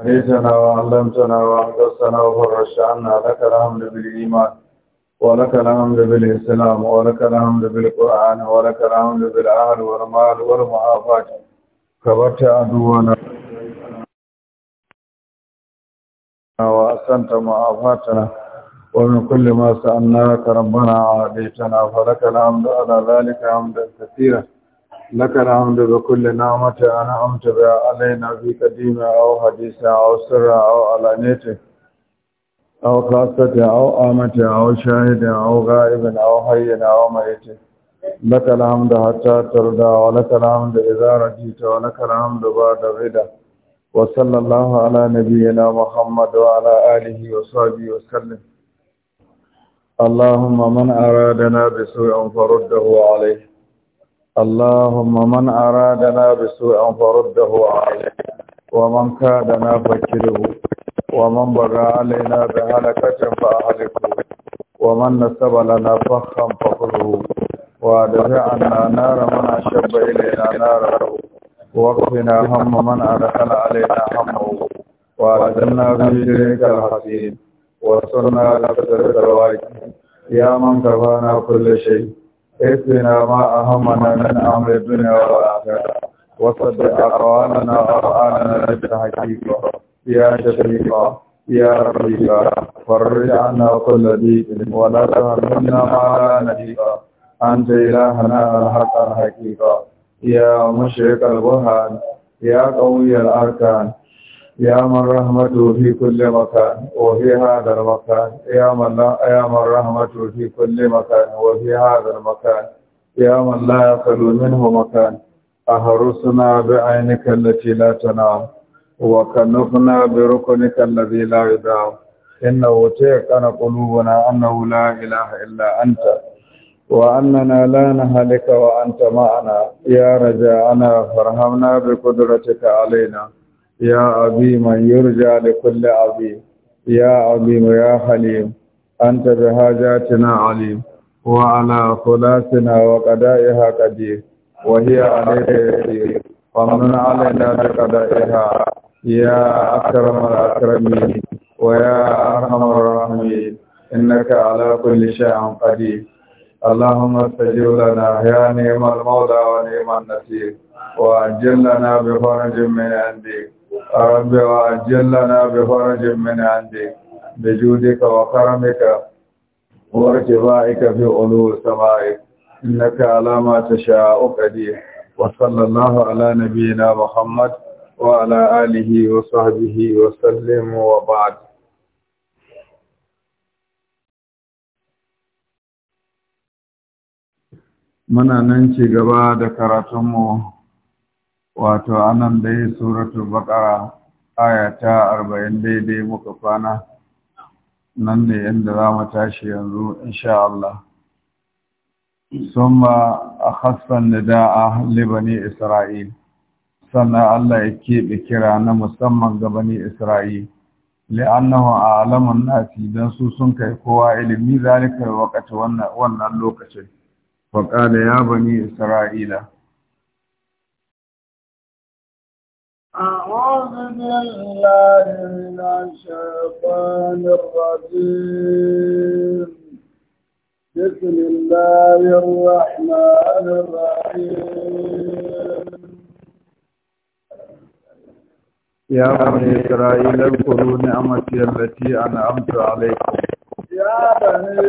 عليتنا وعلمتنا وأحدثنا وفرشتنا لك الحمد بالإيمان ولك الحمد بالإسلام ولك الحمد بالقرآن ولك الحمد بالأهل والمال والمعافات كبرت عدونا وأحسنت معافاتنا ومن كل ما سألناك ربنا عاديتنا فلك الحمد على ذلك حمدا كثيرا لك الحمد بكل نعمة أنعمت بها علينا في قديمة أو حديثة أو سرة أو علانية أو خاصة أو آمة أو شاهدة أو غائب أو حي أو ميت لك الحمد حتى ترضى ولك الحمد إذا رجيت ولك الحمد بعد غدا وصلى الله على نبينا محمد وعلى آله وصحبه وسلم اللهم من أرادنا بسوء فرده عليه اللهم من أرادنا بسوء فرده عليه ومن كادنا فكره ومن بر علينا بهلكة فأهلكه ومن نسب لنا فخا فخره وادفع عنا نار من أشب إلينا ناره واكفنا هم من أدخل علينا همه في شريك الحسين وصلنا لفترة الواجب يا من كفانا كل شيء اهدنا ما أهمنا من أمر الدنيا والآخرة وصدق أقوالنا وأقوالنا بالحقيقة يا شفيقا يا رفيقا فرج عنا كل ضيق ولا تهمنا ما لا نجيقا أنت إلهنا الحق الحقيقة يا مشرق البرهان يا قوي الأركان يا من رحمته في كل مكان وفي هذا المكان يا من لا يا من رحمته في كل مكان وفي هذا المكان يا من لا يخل منه مكان أهرسنا بعينك التي لا تنام وكنفنا بركنك الذي لا يدام إنه تيقن قلوبنا أنه لا إله إلا أنت وأننا لا نهلك وأنت معنا يا رجاءنا فارحمنا بقدرتك علينا يا عظيما يرجى لكل عظيم يا عظيم يا حليم أنت بحاجاتنا عليم وعلى خلاصنا وقدائها قدير وهي عليك يسير ومن علينا بقدائها يا أكرم الأكرمين ويا أرحم الراحمين إنك على كل شيء قدير اللهم استجب لنا يا نعم المولى ونعم النصير وأجل لنا بفرج من عندك رب لنا بفرج من عندك بجودك وكرمك وارتفاعك في علو سمائك إنك على ما تشاء قدير وصلى الله على نبينا محمد وعلى آله وصحبه وسلم وبعد من nan جبادك راتمو wato anan dai suratul baqara aya ta 40 daidai muka kwana nan ne inda za mu tashi yanzu insha Allah summa da nida'a li bani isra'il sannan Allah ya keɓe kira na musamman ga bani isra'il li'annahu a'lamun nasi dan su sun kai kowa ilimi zalika waqti wannan wannan lokacin fa da ya bani isra'ila أعوذ بالله من الشيطان الرجيم بسم الله الرحمن الرحيم يا بني إسرائيل اذكروا نعمتي التي أنعمت عليكم يا بني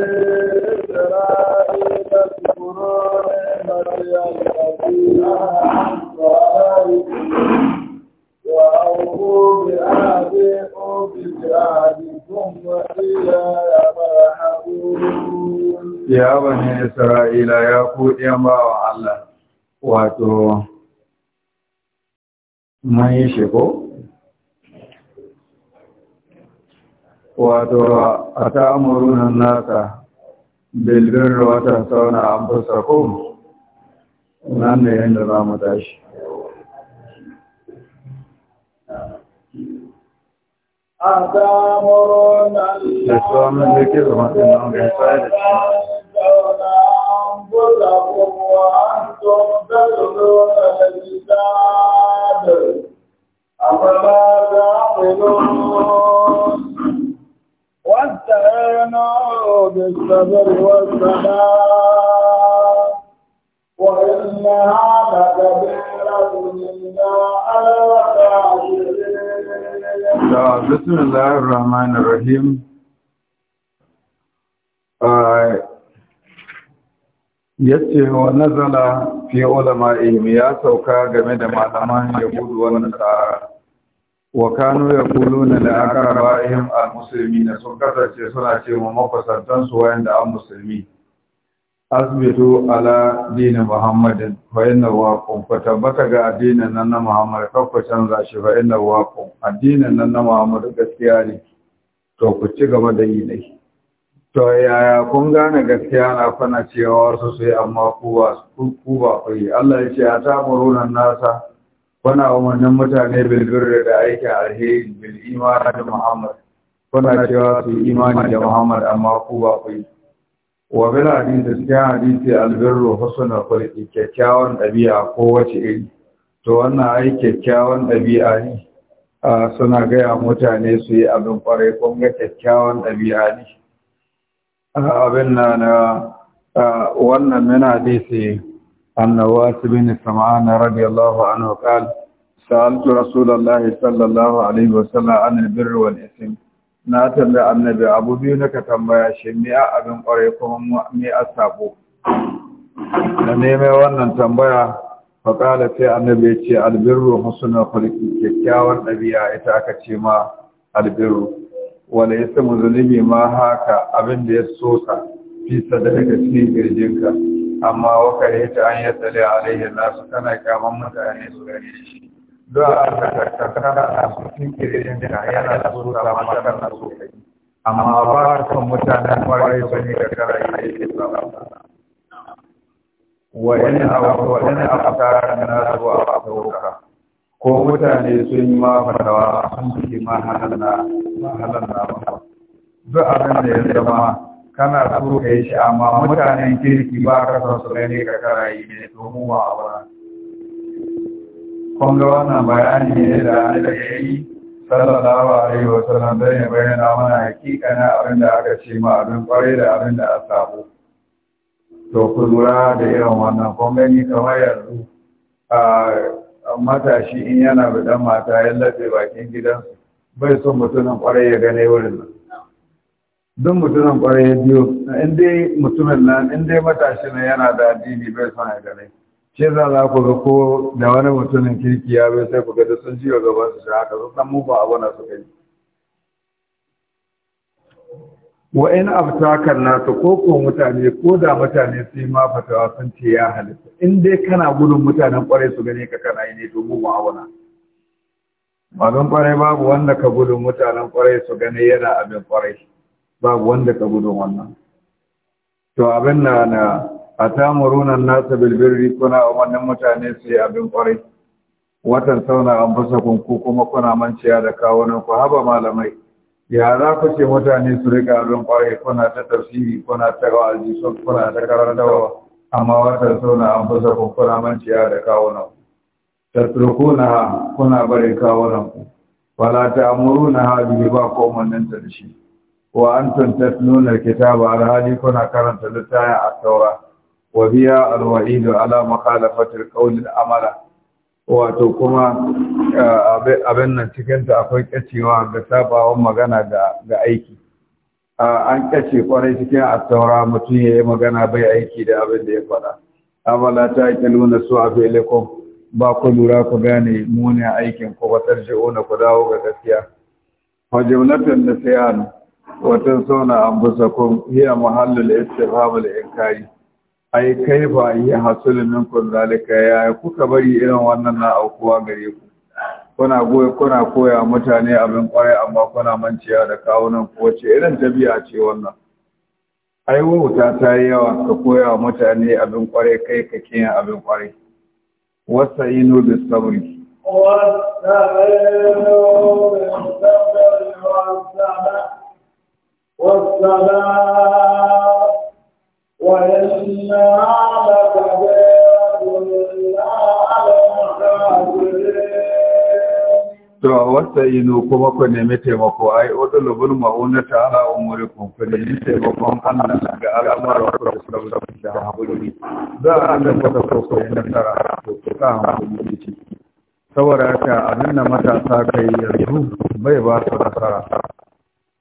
إسرائيل اذكروا نعمتي التي أنعمت عليكم يا بني إسرائيل يا قوت يا باوع الله واتو ما يشكو واتو a ta'amurunan nasa bilbin ruwa نعم sauna an fusa أتامرون الله أنفسكم وأنتم تتلون الكتاب أفلا تعقلون واستعينوا بالصبر والصلاة وإنها لكبيرة إلا بسم الله الرحمن الرحيم yace wa nazala fi ulama'ihim ya sauka game da malaman yahudu wa nasara wa kanu yaquluna la al-muslimina sun kasance suna cewa mafasantan su da an musulmi asbitu ala dini muhammadin fa inna waƙo, ku tabbata ga addinin nan na muhammad kan ku canza shi fa inna waƙo. addinin nan na muhammad gaskiya ne to ku ci gaba da yi dai to yaya kun gane gaskiya na kuna cewa wasu sai amma ku ba ku ba yi Allah ya ce a tamuruna nasa kuna umarnin mutane bil da aikin alheri bil imani da muhammad kuna cewa su imani da muhammad amma ku ba ku yi wa bil hadisi cikin hadisi albirru husnul khulqi kyakkyawan ɗabi'a ko wace iri to wannan ai kyakkyawan ɗabi'a ne suna gaya mutane su yi abin kwarai kun ga kyakkyawan ɗabi'a ne abin na na wannan min hadisi annawas bin sam'an radiyallahu anhu qala sa'altu rasulullahi sallallahu alaihi wasallam an albirru wal ism na tambaya annabi abu biyu na ka tambaya shi me a abin kwarai kuma me a sabo da neman wannan tambaya faƙala sai annabi ya ce albirru musulman khuluqi kyakkyawar ɗabi'a ita aka ce ma albirru ya yasmu zunubi ma haka abin da ya sosa fi daga cikin girjinka amma waka ta an yattali alaihi nasu kana kyaman mutane su gare shi don a kakakar da a sun kirin da yana da amma ba mutanen ba ne da a ko mutane sun yi ma sun suke mahalar na duk abin da ya zama kana so ka yi shi amma mutanen kirki ba ka san su ne ka yi ne to mu ba a kun ga wannan bayani ne da an da shi sallallahu alaihi wa sallam dan ya bayyana mana hakikana abin da aka ce ma abin kwarai da abin da a sabo to ku lura da irin wannan kun gani kamar yanzu a matashi in yana da dan mata ya lafe bakin gidansu bai son mutumin kwarai ya gane wurin nan don mutumin kwarai ya biyo in dai mutumin nan in dai matashi ne yana da addini bai son ya gane shi za za ku ga ko da wani mutumin kirki ya bai sai ku ga sun ji wa gaban su haka sun san ba abu na suka yi wa in na nasu ko ko mutane ko da mutane sai ma fatawa sun ce ya halitta in dai kana gudun mutanen kwarai su gane ka kana yi ne to abu na. Malum kwarai babu wanda ka gudun mutanen kwarai su gane yana abin kwarai babu wanda ka gudun wannan to abin na na a tamurunan nasa bilbirri kuna wannan mutane su yi abin kwarai watan sauna an fasa kunku kuma kuna manciya da nan ku haba malamai ya za ku ce mutane su rika abin kwarai kuna ta tafsiri kuna ta wa'azi kuna ta karantarwa amma watan sauna an fasa kunku kuna manciya da kawunan tatrukuna kuna bare kawunan ku wala ta'muruna bihi ba ko mannan ta da shi wa antum tatluna alkitaba alhali kuna karanta littafin at-taura وبيا الوعيد على مخالفة القول الأمر wato kuma abin nan cikinta akwai kacewa ga sabawan magana ga aiki an kace kwarai cikin attaura mutum ya yi magana bai aiki da abin da ya faɗa amala ta ake nuna su a felikom ba ku lura ku gane muni aikin ku ba tarje na ku dawo ga gaskiya wa jumlatun nasiyan wa tansawna anfusakum hiya mahallul istifham inkari ai kaifa yi hasulun minkum zalika ya kuka bari irin wannan na aukuwa gare ku kuna goye kuna koya mutane abin kwarai amma kuna manciya da kawunan ku wace irin biya ce wannan ai wauta ta yi yawa ka koya mutane abin kwarai kai ka kiyan abin kwarai wasa inu bis sabri wasa وإنا لقدرنا على To, wata inu kuma ku nemi taimako, ai, wata lubin ma'una ta ala umuri ku nemi taimakon Allah ga al'amara ku da sauran da haƙuri. Za a ga kasa koko ya nasara, to, ku sa haƙuri ciki. Saboda haka abin da matasa kai yanzu bai ba su nasara.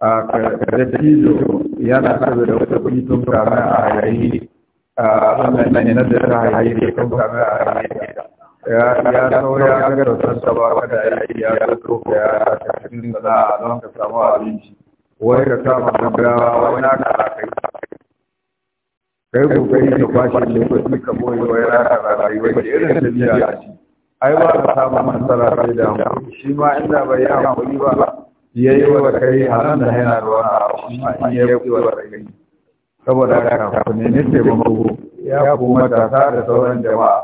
A ka da cizo yana saboda wata kuɗi tun kama a yayi Allah na yana da ta hayi da tun kama a yayi ya ya sauya an ga rasar ta ba wanda ya yi ya zato ya cikin da za a don ka samu abinci wai ka kama gaggawa wani aka kai kai kokari ne ko lokaci ka boye wai raka rayuwa ke irin da biya ai ba ka samu matsala sai da shi ma inda bai yi hankali ba ya yi wa kai haram da yana da wani abu ya yi wa kai saboda haka ku nemi taimako ya kuma matasa da sauran jama'a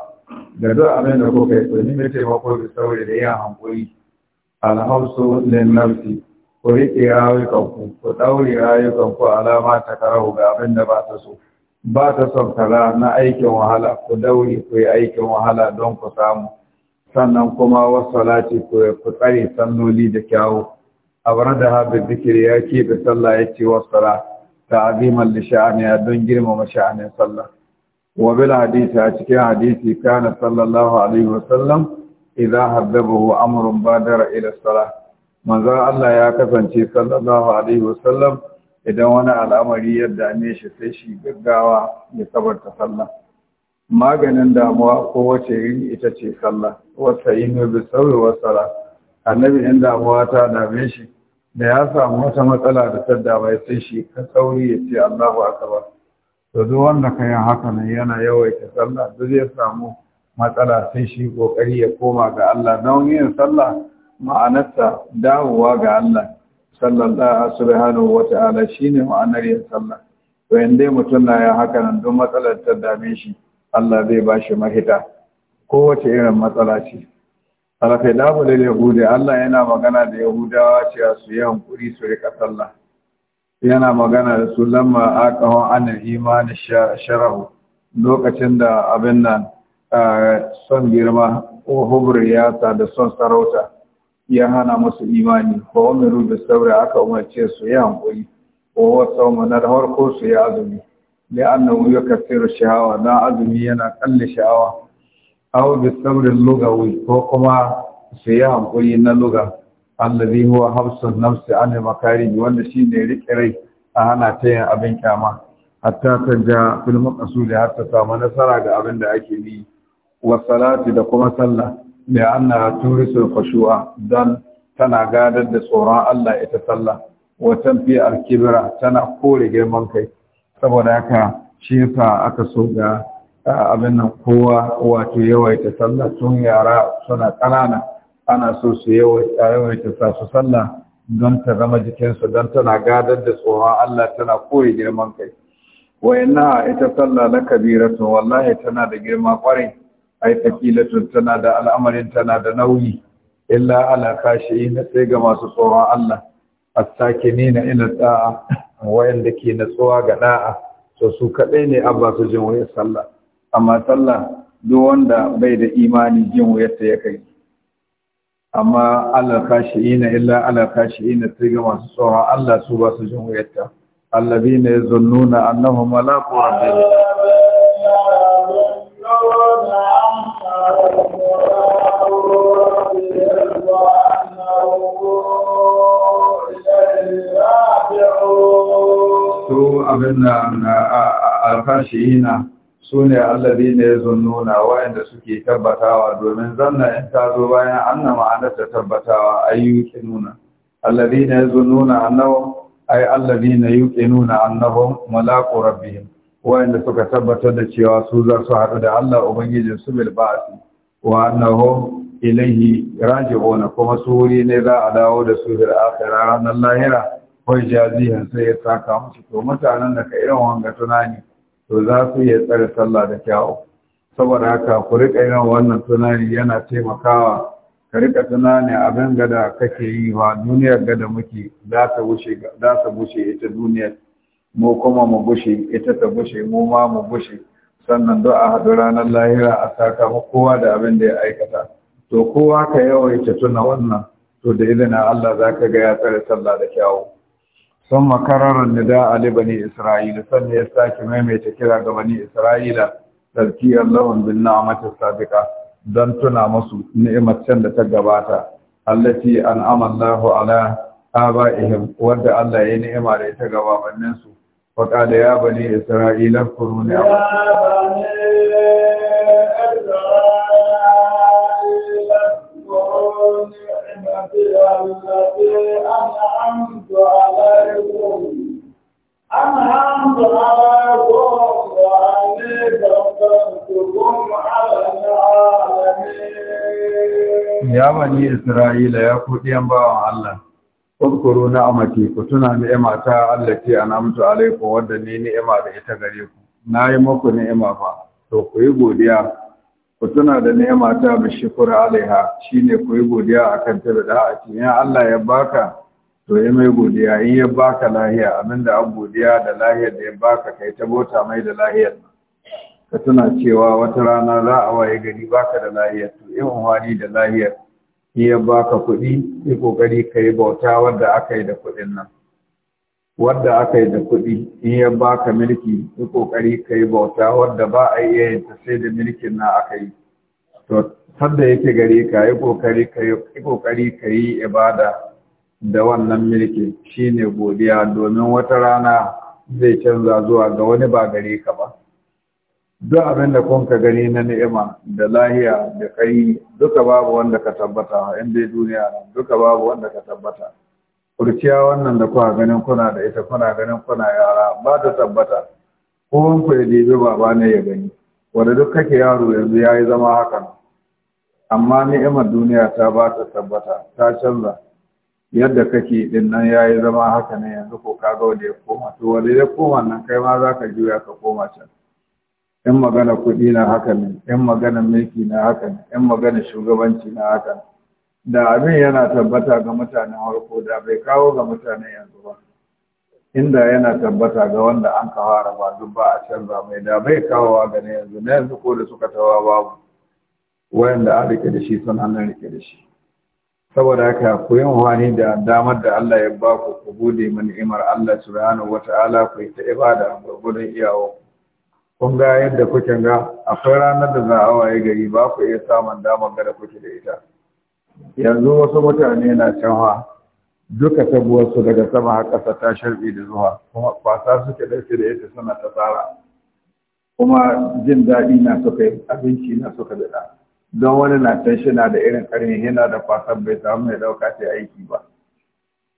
da duk abin da kuka yi ku nemi taimako da sauri da yin hankuri alhausu lin nafsi ku riƙe rayukanku ku ɗaure rayukanku alama ta karahu ga abin da ba ta so ba ta son kaza na aikin wahala ku daure ku yi aikin wahala don ku samu sannan kuma wasu salati ku tsare sannoli da kyawu A abradaha da zikir ya ke da sallah ya ce wa ta ta'ziman li sha'ani don girmama sha'anin sallah wa bil hadisi a cikin hadisi kana sallallahu alaihi wa sallam idza haddabahu amrun badara ila salah manzon Allah ya kasance sallallahu alaihi wa sallam idan wani al'amari ya dame shi sai shi gaggawa ya sabarta sallah maganin damuwa ko wace iri ita ce sallah wata yi ne bi wa annabi in damuwa ta dame shi da ya samu wata matsala da ta dama sai shi ka sauri ya ce Allahu akbar to duk wanda ka yi haka nan yana yawaita sallah duk zai samu matsala sai shi kokari ya koma ga Allah don yin sallah ma'anarsa dawowa ga Allah Sallar sallallahu subhanahu wa ta'ala shine ma'anar yin sallah to in dai mutum na ya haka nan duk matsalar ta dame shi Allah zai ba shi mahita kowace irin matsala ce alafai da yahudai Allah yana magana da yahudawa cewa su yi hankuri su rika sallah yana magana da su lamma aqahu anil imanin sharahu lokacin da abin nan son girma ko hubur ta da son sarauta ya hana musu imani ko wani da saura aka umarce su yi hankuri ko wasu manar harko su yi azumi da wuyo kafin shahawa dan azumi yana ƙalla sha'awa aw bi sabrin lugawi ko kuma su yi hankuri na luga allazi huwa nafsi an makari wanda shine rike rai a hana ta abin kyama hatta ta ja fil maqsudi ta samu nasara ga abin da ake yi wa salati da kuma sallah da anna turisul khushu'a dan tana gadar da tsoron Allah ita sallah wa tanfi al tana kore girman kai saboda haka shi yasa aka so ga abin nan kowa wato yawaita sallah tun yara suna ƙanana ana so su yawaita sa su sallah don ta zama jikinsu don tana gadar da tsohon Allah tana koyi girman kai wayanna ita sallah na kabiratun wallahi tana da girma kwarai ai tun tana da al'amarin tana da nauyi illa ala kashi na sai ga masu tsohon Allah as ina da'a, ta'a wayanda ke natsuwa ga da'a to su kadai ne abba su jin wayar sallah amma sallah duk wanda bai da imani jin wuyarta ya kai amma Allah ina illa Allah kashi'ina sai ga masu tsoha Allah su ba su jin wuyarta allazina yazunnuna annahum malaku rabbihim su abin da alkashiyina su ne allabi ne ya nuna wa'anda suke tabbatawa domin zanna in ta zo bayan anna ma'anarta tabbatawa ayyuki nuna allabi ne ya nuna annahum ai allabi ne yuki nuna annahum malaqu rabbihim suka tabbatar da cewa su za su haɗu da Allah ubangijin su bil ba'si wa annahum ilaihi raji'una kuma su wuri ne za a dawo da su bil akhirah ranar lahira ko jazihan sai ya saka musu to mutanen da ka irin wanga tunani to za su iya tsare sallah da kyawu saboda haka ku riƙa yin wannan tunani yana taimakawa ka rika tunani abin gada kake yi wa duniyar gada muke za ta bushe ita duniyar mu kuma mu bushe ita ta bushe mu ma mu bushe sannan do a haɗu ranar lahira a saka kowa da abin da ya aikata to kowa ka yawaita tuna wannan to da izinin Allah za ka ga ya tsare sallah da kyawu sun makarar nida Ali libani isra'ila sannan ya sake maimaita kira ga bani isra'ila tsarki allahun bin na'amatar sabiqa don tuna masu ni'imar da ta gabata allati an'ama lahu ala aba'ihim wadda allah ya ni'ima da ita gababannin su wa qala ya bani isra'ila kuru ni'amat Ya bani Isra’ila ya kuɗi ‘yan bawan Allah, Kuro na amaki, ku tuna ni’ima ta Allah ce a namtu alaiku wadda ne ni’ima da ita gare ku, na yi maku ni’ima ba, to ku yi godiya ku tuna da nema ta bi shukur alaiha shine ku yi godiya a ta da da'a in Allah ya baka to ya mai godiya in ya baka lahiya abin da an godiya da lahiyar da ya baka kai ta bota mai da lahiyar ka tuna cewa wata rana za a waye gari baka da lahiyar to in wani da lahiyar in ya baka kuɗi yi ƙoƙari, ka yi bauta wadda aka yi da kuɗin nan wadda aka yi da kuɗi in ya ba ka milki yi ƙoƙari ka yi bauta wadda ba a iya yin ta sai da milkin na aka yi to sadda yake gare ka yi ƙoƙari ka yi ƙoƙari ka yi ibada da wannan milkin shine godiya domin wata rana zai canza zuwa ga wani ba gare ka ba duk abin da kun ka gani na ni'ima da lahiya da kai duka babu wanda ka tabbata inda duniya duka babu wanda ka tabbata kurciya wannan da kuka ganin kuna da ita kuna ganin kuna yara ba ta tabbata ko ku ya dibi baba ne ya gani wanda duk kake yaro yanzu ya yi zama hakan amma ni'imar duniya ta ba ta tabbata ta canza yadda kake din nan ya yi zama haka ne yanzu ko ka ga wanda ya koma to wanda ya koma nan kai ma za ka juya ka koma can in magana kuɗi na haka ne in magana mulki na haka ne in magana shugabanci na haka ne da abin yana tabbata ga mutanen harko da bai kawo ga mutanen yanzu ba inda yana tabbata ga wanda an kawara ba duk ba a canza mai da bai kawo ga na yanzu na yanzu ko da suka tawa babu wayanda an rike da shi sun an rike da shi saboda haka ku yi wani da damar da Allah ya ba ku ku gode mu ni'imar Allah subhanahu wata'ala ku yi ta ibada gurgurdan iyawo kun ga yadda kuke ga akwai ranar da za a waye gari ba ku iya samun damar da kuke da ita yanzu wasu mutane na canwa duka sabuwarsu daga sama har ƙasa ta sharbi da zuwa kuma kwasa suke da da yadda suna ta tsara kuma jin daɗi na suka yi abinci na suka daɗa don wani na can shi na da irin ƙarni, yana da kwasan bai samu mai ɗauka ta aiki ba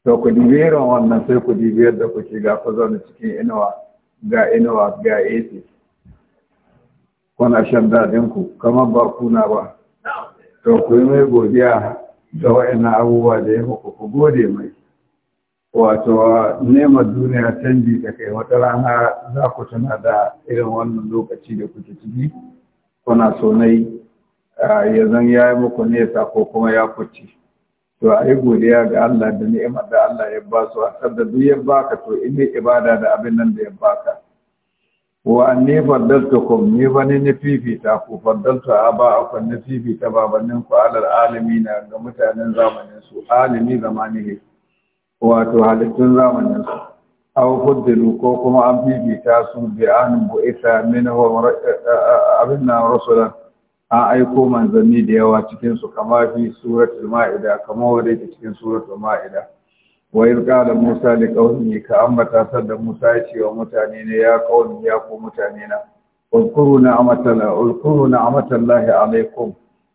to ku dibi irin wannan sai ku dibi yadda kuke ga ku zaune cikin inuwa ga inuwa ga AC kuna shan daɗin kamar ba kuna ba to ku yi mai godiya da wa'ina abubuwa da ya muku ku gode mai wato nema duniya canji da kai wata rana za ku tuna da irin wannan lokaci da kuke ciki kuna so nai ya zan ya yi muku nesa ko kuma ya kuci to a yi godiya ga Allah da ni'imar da Allah ya ba su a sadda duk ya baka to ibada da abin nan da ya baka wa anni faddaltukum ni ne ni fifita ku faddaltu a ni fifita babannin ku alal alamin ga mutanen zamanin su alimi wato halittun zamanin su aw fuddilu ko kuma an fifita su bi an bu'itha minhu abinna rasulan an aiko manzanni da yawa cikin su kama fi suratul ma'ida kama wadai cikin suratul ma'ida wa iz qala musa li ka ambata sadda musa ya ce wa mutane ne ya qaumi ya ku mutane na ulkuru na'amatallahi ulkuru na'amatallahi alaikum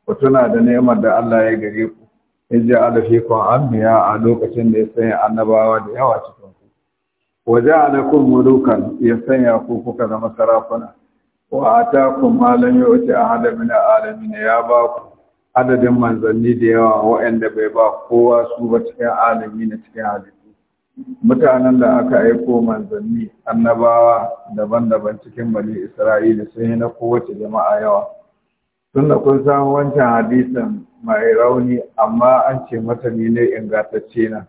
ku tuna da neman da Allah ya gare ku in ja'ala fikum anbiya a lokacin da ya sanya annabawa da yawa cikin ku wa ja'alakum mulukan ya sanya ku kuka zama sarakuna wa atakum ma lam yu'ti ahadan min alamin ya ba ku adadin manzanni da yawa waɗanda bai ba kowa su ba cikin alami na cikin halittu mutanen da aka aiko manzanni annabawa daban-daban cikin bani isra'ila sun yi na kowace jama'a yawa tun da kun samu wancan hadisin mai rauni amma an ce matani ne ingantacce na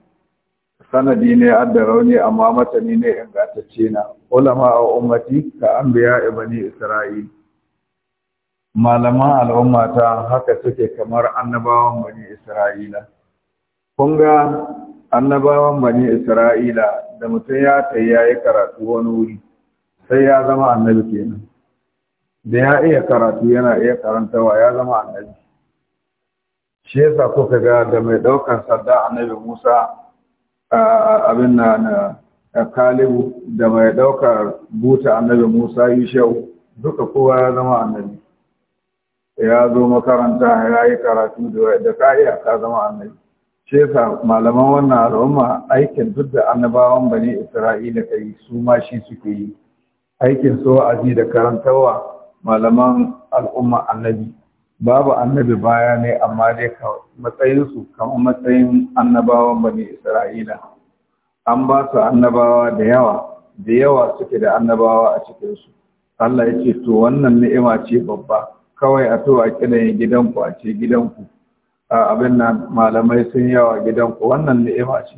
sanadi ne adda rauni amma matani ne ingantacce na ulama a ummati ka an biya bani isra'ila malaman al'umma ta haka suke kamar annabawan bani isra'ila kun ga annabawan bani isra'ila da mutum ya ya yayi karatu wani wuri sai ya zama annabi kenan da ya iya karatu yana iya karantawa ya zama annabi shi yasa kuka ga da mai ɗaukar sadda annabi musa abin na na kalibu da mai ɗaukar buta annabi musa yi sha'u, duka kowa ya zama annabi ya zo makaranta ya yi karatu da ka'iya ta zama annabi shi yasa malaman wannan al'umma aikin duk da annabawan bane isra'ila kai su ma shi suke yi aikin so aji da karantarwa malaman al'umma annabi babu annabi baya ne amma dai su kamar matsayin annabawan bane isra'ila an ba su annabawa da yawa da yawa suke da annabawa a cikinsu Allah ya ce to wannan ni'ima ce babba kawai a to a yin gidanku a ce gidanku a abin nan malamai sun yawa gidanku wannan ni'ima ce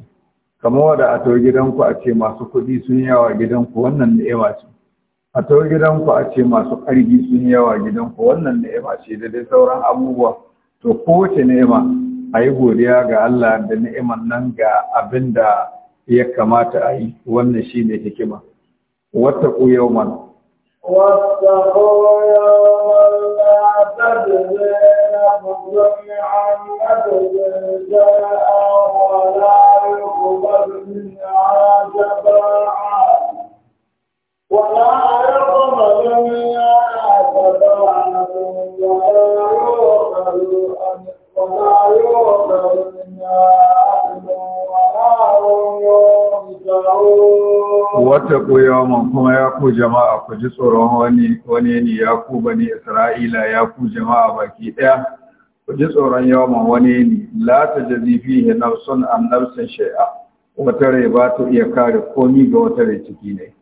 kamar wada a to gidanku a ce masu kuɗi sun yawa gidanku wannan ni'ima ce a to gidanku a ce masu ƙarfi sun yawa gidanku wannan ni'ima ce da dai sauran abubuwa to kowace ni'ima a yi godiya ga Allah da ni'iman nan ga abin da ya kamata a yi wannan shi ne hikima wata yawman واتقوا يوما لا تجزي نفس عن نفس شيئا ولا يقبل منها شفاعة ولا يقبل منها شفاعة ولا يؤخذ ولا يؤخذ wata koyawa kuma ya ku jama'a ku ji tsoron wani wani ne ya ku bani isra'ila ya ku jama'a baki ɗaya ku ji tsoron yawan wani ne la ta jazi fihi nafsun an nafsin shay'a wata rai ba ta iya kare komi ga wata rai ciki ne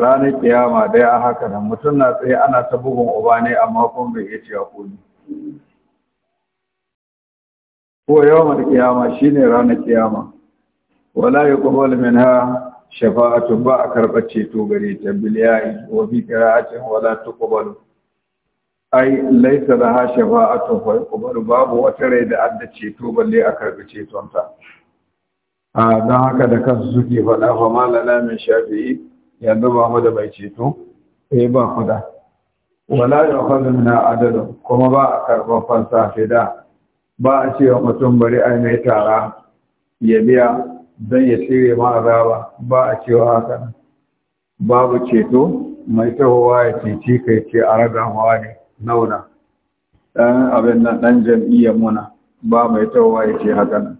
ranar kiyama dai a haka nan mutum na tsaye ana ta bugun uba ne amma kuma bai iya cewa komi ko yawmal shi shine ranar ƙiyama. wala yuqbalu minha shafa'atu ba a karɓar ceto gare ta biliyai wa bi qira'atin wala tuqbalu ai laysa laha shafa'atu fa yuqbalu babu wata rai da adda ceto balle a karɓi ceton ta a don haka da kansu suke faɗa fa malana min shafi'i yanzu ba mu da mai ceto eh ba kuda wala yuqbalu minha adadu, kuma ba a karɓar fansa fida ba a cewa mutum bari a mai tara ya biya don ya tsire ma azaba ba a cewa haka babu ceto mai tahowa ya ceci kai ce a raga mawa ne nauna ɗan abin nan ɗan jam'iyyar muna ba mai tahowa ya ce haka nan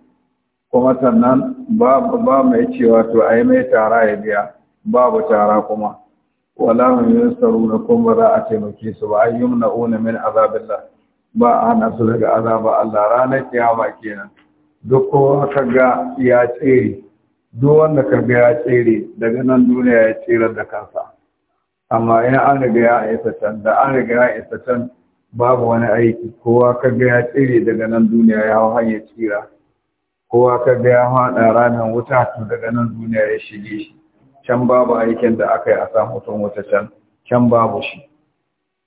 kuma sannan ba mai cewa to a yi mai tara ya biya babu tara kuma wala mun yi tsaro na kuma za a taimake su ba mu na min azabillah ba a hana su daga azaba Allah ranar kiyama kenan duk kowa ka ga ya tsere duk wanda ka ga ya tsere daga nan duniya ya tsere da kansa amma ina an riga ya isa can da an riga ya isa can babu wani aiki kowa ka ga ya tsere daga nan duniya ya hau hanyar tsira kowa ka ga ya haɗa ranar wuta to daga nan duniya ya shige shi can babu aikin da aka yi a samu wutan wuta can can babu shi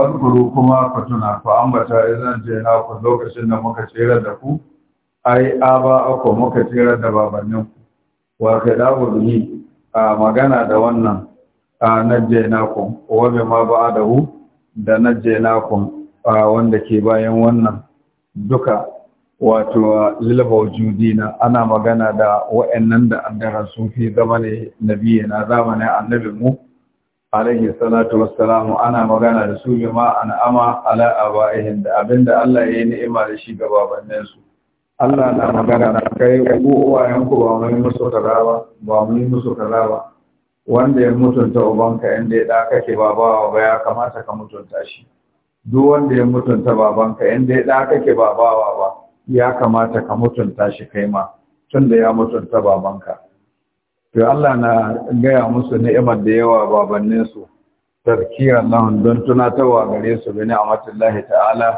wadkuru kuma ku tuna ku ambata idan je na ku lokacin da muka tsere da ku ai aba ako muka tsere da babannin ku wa da wuri a magana da wannan a naje na ku wa bi ma ba da hu da naje na ku wanda ke bayan wannan duka wato lilba na, ana magana da wa'annan da an dara sufi zamanin nabiyina zamanin annabinmu mu alaihi salatu wassalamu ana magana da su bima an'ama ala abaihin da abinda Allah ya yi ni'ima da shi ga babannin su Allah na magana da kai ku uwayen ku ba mun musu kaza ba ba mun musu kaza ba wanda ya mutunta ubanka inda ya daka ke babawa ba ya kamata ka mutunta shi duk wanda ya mutunta babanka inda ya da ke babawa ba ya kamata ka mutunta shi kai ma tunda ya mutunta babanka to Allah na gaya musu ni'imar da yawa babanninsu tarkiran lahun don tunatarwa gare su bi ni'amatin lahi ta'ala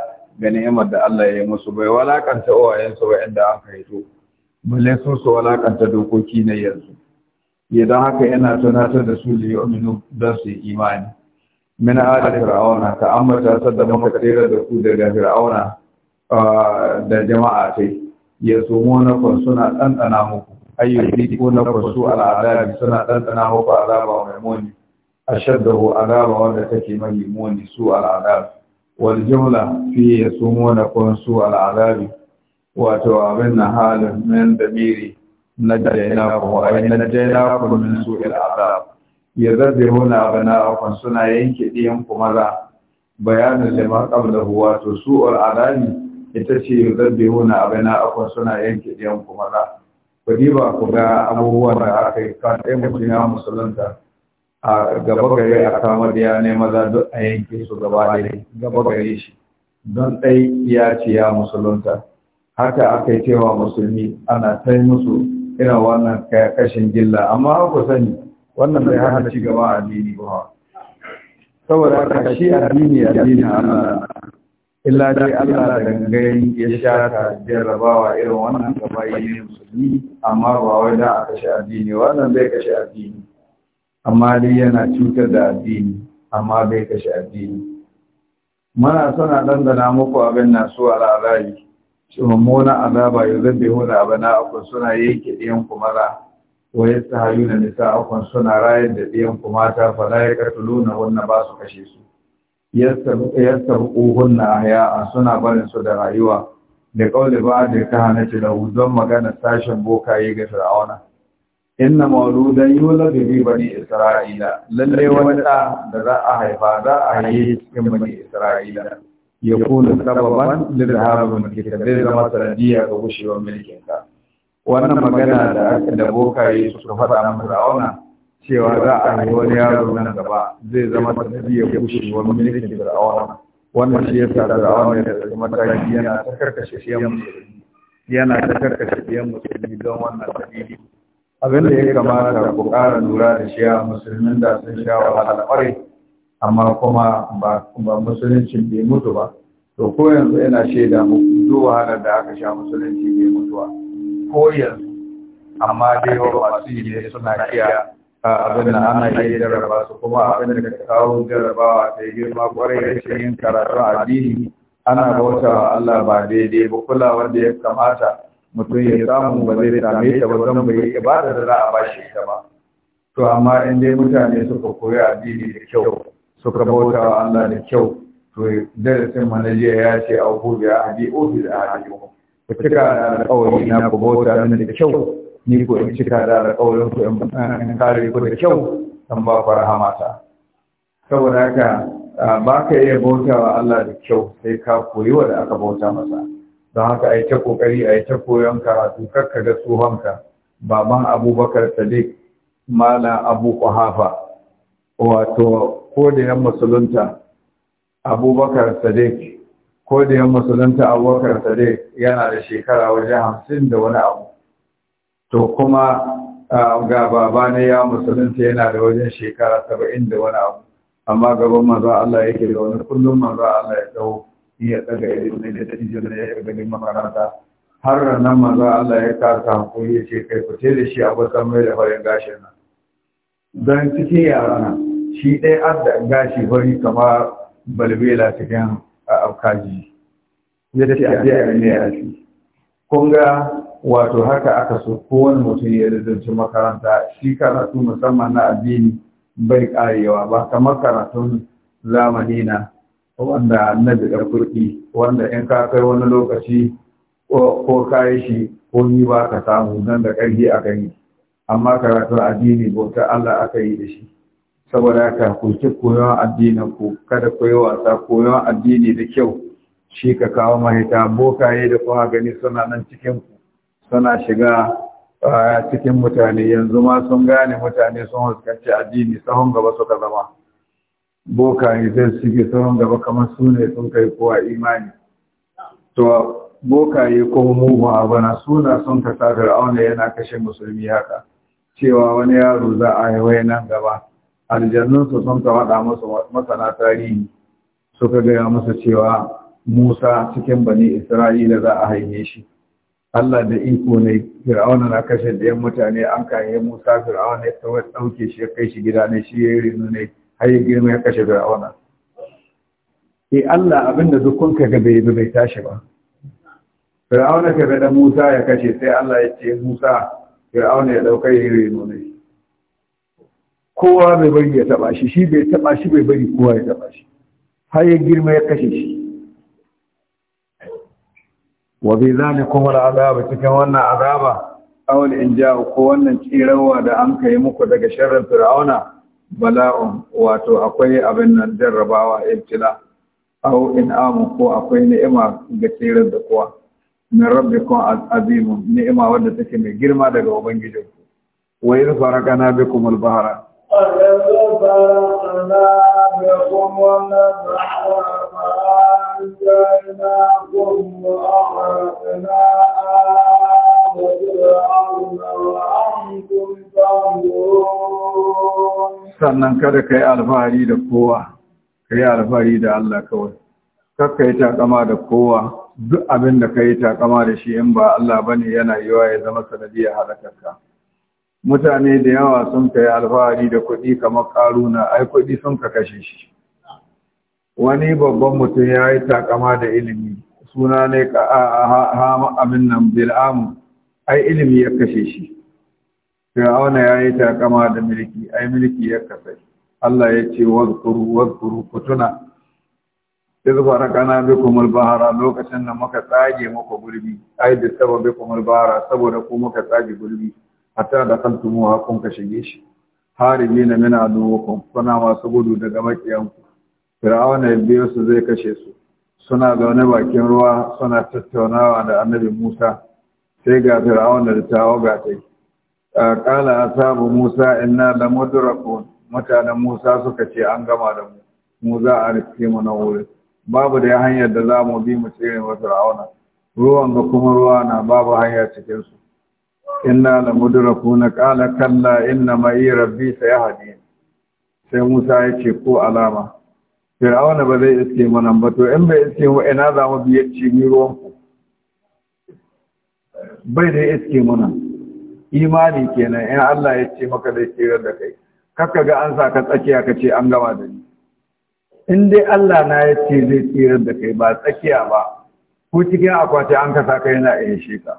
ga ni'imar da Allah ya yi musu bai walakanta uwayensu ba inda aka yi to balle sun su walakanta dokoki na yanzu idan haka yana tunatar da su da yi ominu don su yi imani min ala fir'auna ta ambata sadda muka tsira da ku daga fir'auna ah, da jama'a sai ya sumo na kun suna ɗanɗana muku ayyuki ko na kwasu al'adari, suna ɗanɗana muku azaba mai muni ashaddahu azaba wanda take mai muni su al'adabi wal jumla su mona kun su al'adabi wato abin na halin min damiri na jaina ku ai na jaina ku min su al'adab ya zarbe hona bana kun suna yanke ɗiyan ku maza bayanin lima qablahu wato su al'adari ita ce ya zarbe hona bana kun suna yanke ɗiyan ku maza ku ba ku ga abubuwan da aka yi kan ɗaya mutum ya musulunta a gaba gari a kama da ya nema maza duk a yanke su gaba ɗaya gaba gari shi don ɗai ya ce ya musulunta haka aka yi cewa musulmi ana ta musu irin wannan kashin gilla amma ku sani wannan bai hana ci gaba addini ba saboda haka shi addini addini Allah illa dai Allah da gangayen ya sha ta jarrabawa irin wannan gaba yi ne musulmi amma ba wai da a kashe addini wannan bai kashe addini amma dai yana cutar da addini amma bai kashe addini muna suna dandana muku abin na su a ra'ayi shi mummuna azaba ya zabe hula bana akwai suna yanke ɗiyan kumara wa ya hayuna na nisa akwai suna rayar da ɗiyan kumata fa la ya wannan ba su kashe su yassar uhunna ahya'a suna barin su da rayuwa da kauli ba da kahanati lahu don magana sashen bokaye ga fir'auna inna mauludan yulad bi bani isra'ila lalle wani da za a haifa za a yi cikin bani isra'ila ya kula sababan lirhabin kitabai zama sanadiyya ga gushewar mulkinka wannan magana da da bokaye su na fir'auna cewa za a yi wani yaro nan gaba zai zama kushe gushewar mulkin fir'auna wannan shi da fir'auna ya tsaki mataki yana ta karkashe biyan musulmi yana ta karkashe biyan musulmi don wannan dalili abin da ya kamata ku ƙara lura da shi a musulmin da sun sha wahala kwarai amma kuma ba ba musulunci bai mutu ba to ko yanzu yana shaida muku duk wahalar da aka sha musulunci bai mutuwa ko yanzu amma dai wa masu yi ne suna kiyaye abin da ana iya jarraba su kuma abin da ka kawo jarrabawa ta girma kwarai da shi yin karatu a addini ana bauta wa Allah ba daidai ba kula wanda ya kamata mutum ya samu ba zai same ta ba zan bai ibada da za a bashi ta ba to amma in dai mutane suka koyi addini da kyau suka bauta wa Allah da kyau to mana jiya ya ce a hudu ya hadi ofis a hadi ku cika alƙawari na ku bauta da kyau ni ko in cika da alƙawarin ku in ah. kare ku da kyau san ba ku ta. saboda haka ba ka iya bauta wa Allah da kyau sai ka koyi wa da aka bauta masa don haka a yi ta ƙoƙari a yi ta koyon karatu kakka ga tsohonka baban abubakar sadiq mala abu kuhafa wato ko da yan musulunta abubakar sadiq ko da yan musulunta abubakar sadiq yana da shekara wajen hamsin da wani abu to kuma ga baba ne ya musulunta yana da wajen shekara saba'in da wani abu amma gaban manzo Allah yake da wani kullum manzo Allah ya tsawo ya daga irin ne da tijo ne ya daga makaranta har nan manzo Allah ya karta hankali ya ce kai fice da shi a wasan mai da farin gashin nan don cikin yarana shi ɗaya adda gashi fari kamar balbela cikin abkaji ya ce a je a ne ya shi kun ga wato haka aka so ko Wani mutum ya rizanci makaranta shi karatu musamman na addini bai karewa ba kamar karatun zamani na wanda na da kuɗi wanda in ka kai wani lokaci ko kayi shi ko ni ba ka samu nan da ƙarfi a gani amma karatun addini bautar Allah aka yi da shi saboda haka ku ki koyon addinin ku kada ku yi wasa koyon addini da kyau shi ka kawo mahita bokaye da kuma gani suna nan cikin ku suna shiga cikin mutane yanzu ma sun gane mutane sun huskanci addini sahun gaba suka zama ne zai suke sahun gaba kamar su ne sun kai kowa imani to bokaye ko mugu bana suna sun ka sa fir'auna yana kashe musulmi haka cewa wani yaro za a yi nan gaba aljannunsu sun ka waɗa musu masana tarihi suka gaya musu cewa musa cikin bani isra'ila za a haife shi Allah da iko ne Fir'auna na kashe yan mutane an kaye Musa Fir'auna ya tawo dauke shi ya kai shi gida ne shi ya rinu ne har ya girma ya kashe Fir'auna eh Allah abinda duk kun ga bai bai tashi ba Fir'auna ka ga Musa ya kashe sai Allah ya ce Musa Fir'auna ya dauka ya rinu ne kowa bai bari ya taba shi shi bai taba shi bai bari kowa ya taba shi har ya girma ya kashe shi wa bi zalikum al'azab cikin wannan azaba aw in ja ko wannan tsirawa da an kai muku daga sharrin fir'auna Bala'u wato akwai abin nan jarrabawa ibtila aw amu ko akwai ni'ima ga tsirar da kuwa min rabbikum azim ni'ima wadda take mai girma daga ubangijinku wa idh faraqana bikum al-bahra فَإِذْ فَرَقْنَا بِكُمُ الْبَحْرَ آل فرعون وأنتم تنظرون sannan kada ka yi alfahari da kowa ka yi alfahari da Allah kawai kakka yi takama da kowa duk abin da ka yi takama da shi in ba Allah ba ne yana wa ya zama sanadiyar halakarka mutane da yawa sun ka yi alfahari da kuɗi kamar ƙaruna ai kuɗi sun ka kashe shi wani babban mutum ya yi takama da ilimi suna ne hama abin nan bil'amu ai ilimi ya kashe shi fir'auna ya yi takama da mulki ai mulki ya kasai Allah ya ce wazkuru wazkuru ku tuna izbara kana bi al-bahara lokacin da muka tsage muku gurbi ai da bi al-bahara saboda ku muka tsage gurbi hatta da ha kun kashe shige shi na mina aduwakum kuna masu gudu daga makiyanku fir'auna ya biyo su zai kashe su suna zaune bakin ruwa suna tattaunawa da annabi Musa sai ga fir'auna da tawaga ta yi kala asabu Musa inna lamudrakun mutanen Musa suka ce an gama da mu mu za a rike mu na wuri. babu da hanyar da za mu bi mu tsere wa fir'auna ruwan ga kuma ruwa na babu hanya cikin su inna na kala kalla inna ma'i rabbi sayahdi sai Musa ya ce ko alama fir'auna ba zai iske mana ba to in bai iske mu ina za mu biyar ci ni ruwan ku bai da iske mana imani kenan in Allah ya ce maka zai tsirar da kai kakka ga an sa ka tsakiya ka ce an gama da ni in dai Allah na ya ce zai tsirar da kai ba tsakiya ba ko cikin akwati an kasa ka yana iya shi ka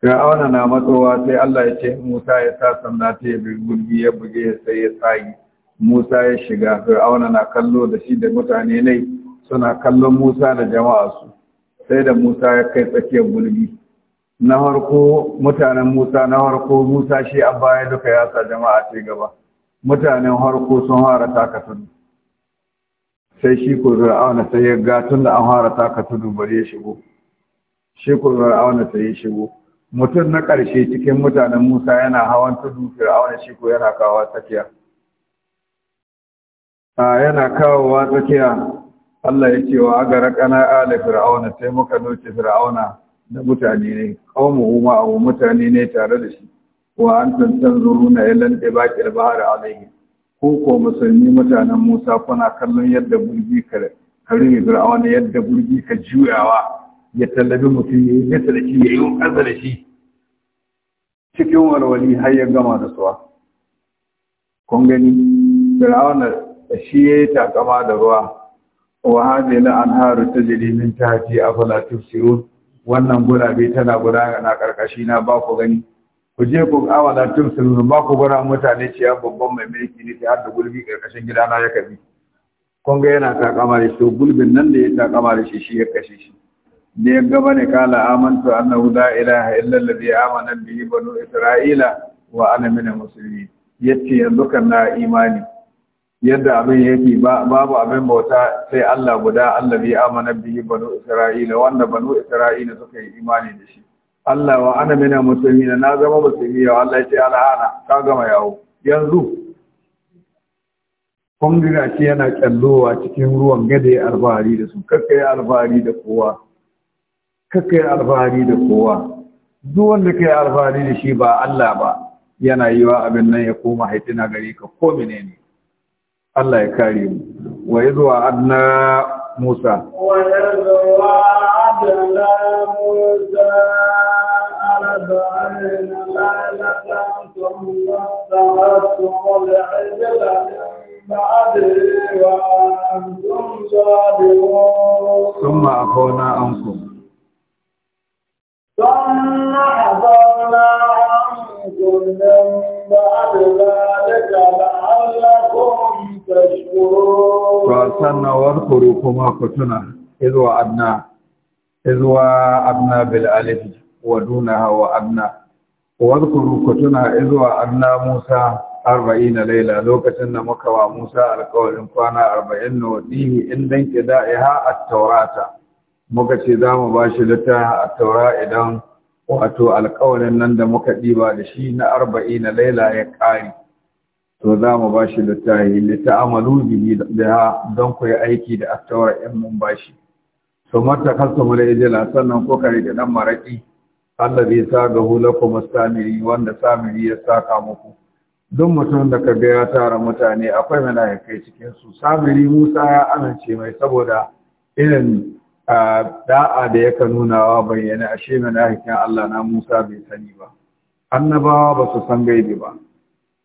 fir'auna na matsowa sai Allah ya ce Musa ya sa sanda ta yi bi gurbi ya buge ya sai ya tsagi Musa ya shiga Fir'auna na kallo da shi da mutane ne suna kallon Musa da jama'a su sai da Musa ya kai tsakiyar gulbi na harko mutanen Musa na harko Musa shi an baya duka ya sa jama'a ce gaba mutanen harko sun fara taka tudu sai shi ko Fir'auna sai ya ga tunda an fara taka tudu bari ya shigo shi ko Fir'auna sai ya shigo mutum na ƙarshe cikin mutanen Musa yana hawan tudu Fir'auna shi ko yana kawo tsakiyar yana kawo tsakiya Allah ya ce wa agara kana ala fir'auna sai muka noce fir'auna da mutane ne qaumu huma aw mutane ne tare da shi wa na tanzuruna da al-baqil bahr alayhi ko ko musulmi mutanen Musa kuna kallon yadda burgi ka karimi fir'auna yadda burgi ka juyawa ya tallabi mutum ya yi nesa da shi ya yi ƙasa da shi cikin walwali har ya gama da suwa kun gani fir'auna shi ya yi takama da ruwa wa an haru ta jiri min a afala siyo wannan bai tana gudana na ƙarƙashi na ba ku gani ku je ku awala tubsirun ba ku gura mutane a babban mai mulki ne ta hadda gulbi ƙarƙashin gidana ya kabi kun ga yana takama da shi gulbin nan da ya takama da shi shi ya kashe shi da ya gaba ne kala amantu annahu la ilaha illa allazi amana bihi banu isra'ila wa ana min muslimin yace yanzu kan na imani yadda abin yake babu abin bauta sai Allah guda Allah bi amana bihi banu Isra'ila wanda banu Isra'ila suka yi imani da shi Allah wa ana mina muslimina na zama musulmi ya Allah ya ce ana ka gama yawo yanzu kun gina shi yana kyallowa cikin ruwan gade alfahari da su kakkai alfahari da kowa kakkai alfahari da kowa duk wanda kai alfahari da shi ba Allah ba yana yi wa abin nan ya koma haitina gari ka ko ne. Allah ya kare mu wa وإذ وعدنا Musa wa yadwa Musa ثم أخونا أنكم وأنتم صادقون ثم أخونا أنكم ثم من بعد ذلك لعلكم تشكرون فأسنا واذكروا كتنا Warkuru Musa na laila lokacin da muka wa Musa alkawarin kwana arba'in na wadihi in dan taurata muka ce za mu bashi littafin idan wato alkawarin nan da muka ɗiba da shi na arba'i na laila ya ƙari to za mu ba shi ta amalu, bihi da don ku yi aiki da attawar 'yan mun ba shi to mata kasu mu da ijila sannan ko kare da ɗan maraƙi Allah zai sa ga hulakum samiri wanda samiri ya saka muku duk mutum da ka biya tara mutane akwai mala'ikai cikin su samiri Musa ya amince mai saboda irin da'a da yaka nunawa bayyana ashe mala'ikan Allah na Musa bai sani ba annabawa ba su san gaibi ba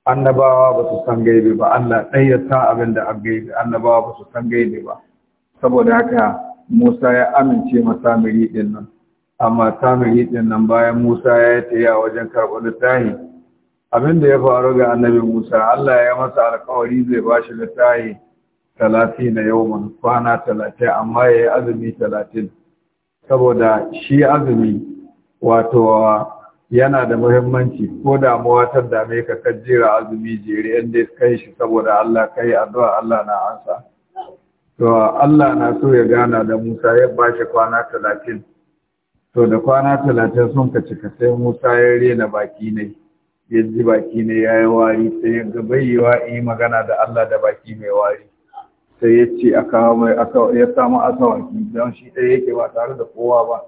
annabawa ba su san gaibi ba Allah ɗaya ya san abin da gaibi annabawa ba su san gaibi ba saboda haka Musa ya amince ma samiri din nan amma samiri din nan bayan Musa ya yi a wajen karɓar littafi abin da ya faru ga annabi Musa Allah ya masa alƙawari zai ba shi littafi talatin na yawon kwana talatin amma ya yi azumi talatin saboda shi azumi wato yana da muhimmanci ko da damuwa ta dame ka ka jera azumi jere ya kai shi saboda Allah kai addu'a Allah na ansa to Allah na so ya gana da Musa ya shi kwana talatin to da kwana talatin sun ka cika sai Musa ya rena baki ne ya ji baki ne ya yi wari sai ya ga yi magana da Allah da baki mai wari sai ya ce a kawo mai ya samu asawaki don shi ɗaya yake ba tare da kowa ba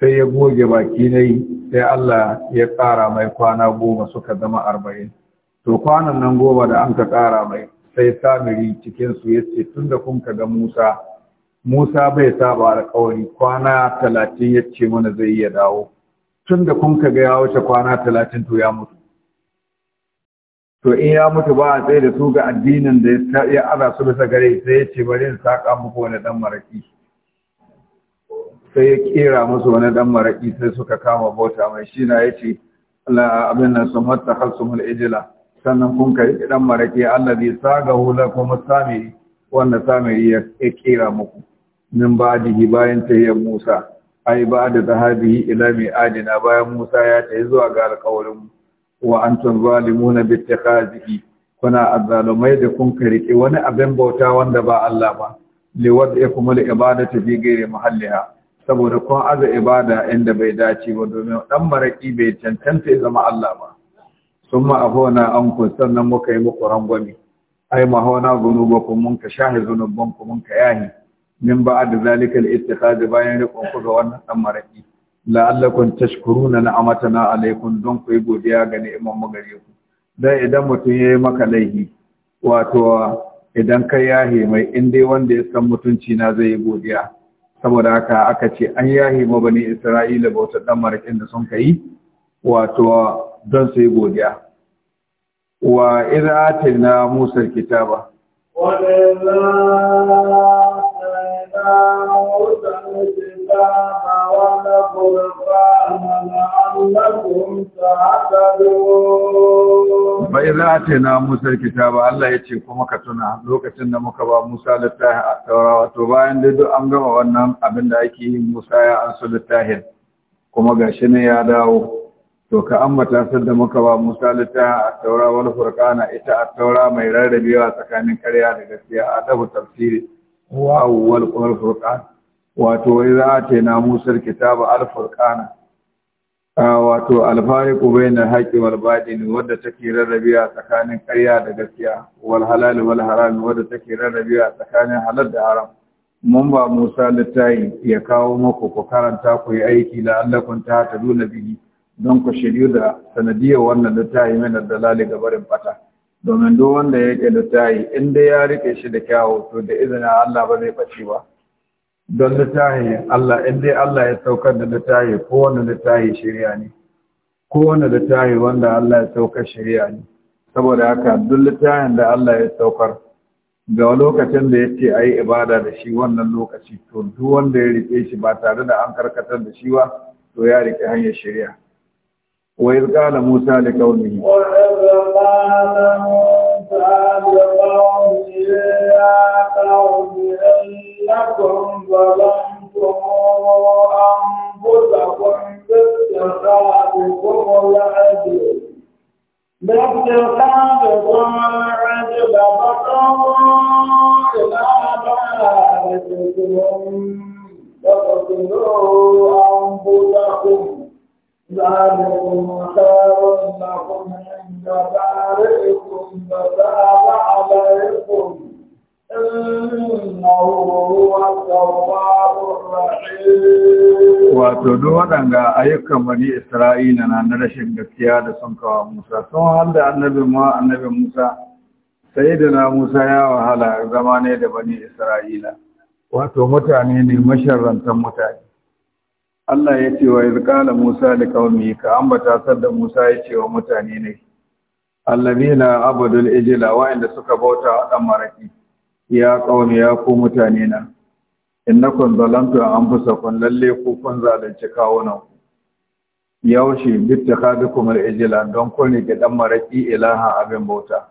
sai ya goge baki na yi sai Allah ya ƙara mai kwana goma suka zama arba'in to kwanan nan goma da an ka ƙara mai sai samiri cikinsu ya ce tun da kun ka ga musa musa bai saba alƙawari kwana talatin ya ce mana zai iya dawo tun da kun ka ga ya wuce kwana talatin to ya mutu to in ya mutu ba a tsaye da su ga addinin da ya ana su bisa gare sai ya ce bari in saka muku wani dan maraki sai ya ƙera musu wani dan maraki sai suka kama bauta mai shi na ya ce abin nan sun matta mul ijila sannan kun kai dan maraki allazi hula lakum samiri wanda samiri ya kera muku min ba'dihi bayan ta yi Musa ai ba da zahabihi ila mai adina bayan Musa ya tayi zuwa ga alƙawarin mu wa antum zalimuna bi ittikhazihi kuna azzalumai da kun karike wani abin bauta wanda ba Allah ba li wad'ikum li ibadati fi ghairi mahalliha saboda kun aza ibada inda bai dace ba domin dan maraki bai cancanta zama Allah ba summa afona an ku sannan muka yi muku rangwami ai mahona zunubakum mun ka shahi zunubanku mun ka yahi min ba'da zalikal ittikhad bayan rikon ku ga wannan dan maraki la'allakum tashkuruna ni'matana alaikum don ku yi godiya ga ni'imar mu gare ku dan idan mutum yayi maka laihi wato idan kai yahi mai in dai wanda ya san mutunci na zai yi godiya saboda haka aka ce an yahi ma bani Isra'ila bauta dan marakin da sun kai wato don su yi godiya wa idh na Musa kitaba wa idh الكتاب والفرقان na تعتدون kitaba Allah ya ce kuma ka tuna. Lokacin da muka ba Musa littafin a taurawa to bayan dai duk an gama wannan abin da ake yi Musa ya ansu littafin kuma shi ne ya dawo to ka matasar da muka ba Musa littafin a taurawa wani furkana ita a taura mai rarrabewa tsakanin karya da gaskiya a dabu tafsiri wa wal furkana wato wai idza atayna musa alkitaba A wato bai na haƙi walbadi ne wadda take a tsakanin ƙarya da gaskiya walhalali walhara wal wadda take a tsakanin halar da haram mun ba Musa littayi ya kawo maku ku karanta ku yi aiki ta nuna biyu, don ku shirya da sanadiyar wannan littayi na dalali ga barin fata domin duk wanda ya ke littayi in dai ya riƙe shi da kyawu to da izinin Allah ba zai bace ba don littahi Allah inda Allah ya saukar da littahi kowane littahi shari'a ne kowane littahi wanda Allah ya saukar shari'a ne saboda haka duk littahin da Allah ya saukar ga lokacin da yake ayi ibada da shi wannan lokaci to duk wanda ya rike shi ba tare da an karkatar da shi ba to ya rike hanyar shari'a. wa iz qala musa li qaumihi wa qala musa li qaumihi ya qaumi إنكم ظلمتم أنفسكم باتخاذكم العجل باتخاذكم العجل فقروا إلى بارئكم فاقتلوا أنفسكم ذلكم خير لكم عند بارئكم فتاب عليكم Wato, don waɗanda ayyukan bani Isra'ila na na rashin gaskiya da sun kawo Musa, sun halda annabin ma annabin Musa, sai da na Musa ya wahala zama ne da bani Isra'ila. Wato, mutane ne masharrantar mutane. Allah ya ce wa izkala Musa da kawami ka ambata da Musa ya ce wa mutane ne, na abadul ijila wa'inda suka bauta ɗan maraƙi. ya qaumi ya ku mutane na an fusa kun lalle ku kun zalunci kawunan ku yaushe bittakadukum kuma ijila don kun rike dan maraki ilaha abin bauta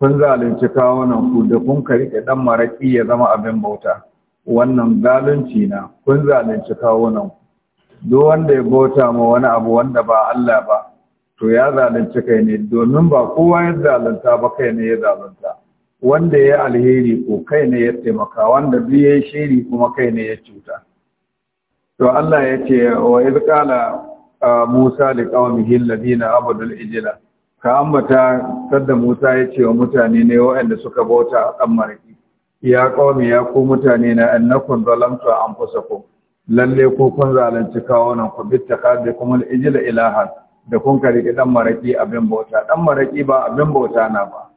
kun zalunci kawunan ku da kun rike dan maraki ya zama abin bauta wannan zalunci na kun zalunci kawunan ku duk wanda ya bauta ma wani abu wanda ba Allah ba to ya zalunci kai ne domin ba kowa ya zalunta ba kai ne ya zalunta wanda ya alheri ko kai ne ya taimaka wanda duk ya shiri kuma kai ne ya cuta to Allah ya ce wa iz qala Musa li qaumihi alladhina abadul ijla ka ambata sadda Musa ya ce wa mutane ne waɗanda suka bauta a marki ya qaumi ya ku mutane na annakum zalamtu anfusakum lalle ko kun zalunci kawunan ku kuma al ijla ilahan da kun kare dan maraki abin bauta dan maraki ba abin bauta na ba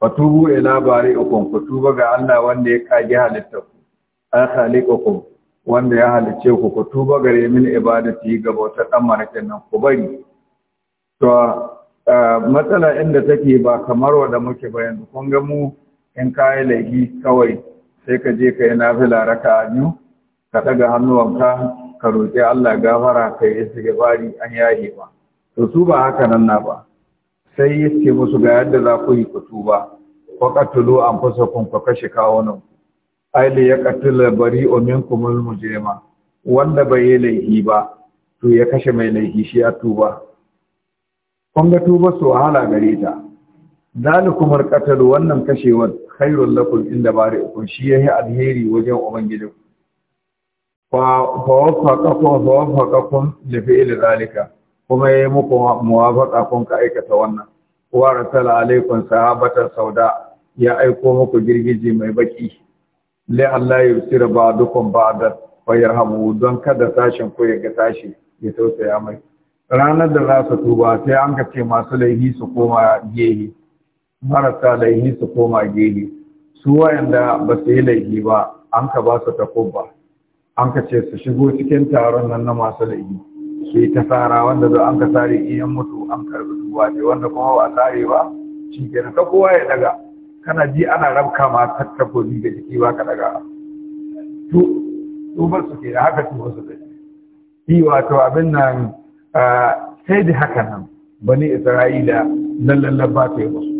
fatubu ila bari'ikum ku tuba ga Allah wanda ya kage halitta ku an khaliqukum wanda ya halice ku ku tuba gare min ibadati ga bautar dan marakin nan ku bari to matsala inda take ba kamar wanda muke bayani kun ga mu in kai laifi kawai sai ka je ka yi nafila raka biyu ka daga hannuwanka ka roƙi Allah gafara sai yi bari an yaye ba to su ba haka nan na ba sai ya ce musu ga yadda za ku yi kutu ba ko katulu an fasa kun ku kashe kawunan aile ya katula bari omin kumul mujema wanda bai yi laifi ba to ya kashe mai laifi shi ya tuba kun ga tuba su wahala gare ta dalikumar katalu wannan kashewar khairul lakum inda ukun shi yayi alheri wajen ubangiji fa fa fa fa fa fa fa fa kuma ya yi muku muwafaka kun ka aikata wannan wa rasala alaikum sahabatan sauda ya aiko muku girgiji mai baki la Allah ya yusira ba'dukum ba'dan wa yarhamu don kada tashin ko ya ga tashi ya tausaya mai ranar da za su tuba sai an ka ce masu laihi su koma gehe marasa laihi su koma gehe su wayanda ba su yi laihi ba an ka ba su takobba an ka ce su shigo cikin taron nan na masu laihi Sai ta tsara wanda zo an ka sare iyan mutu an karbi tuba ne wanda kuma ba a tsare ba shi ke ka kowa ya daga kana ji ana rabka ma tattakobi da jiki ba ka daga tubar su ke da haka tubar su da shi wato abin nan sai da haka nan bani isra'ila lallan ba ta yi musu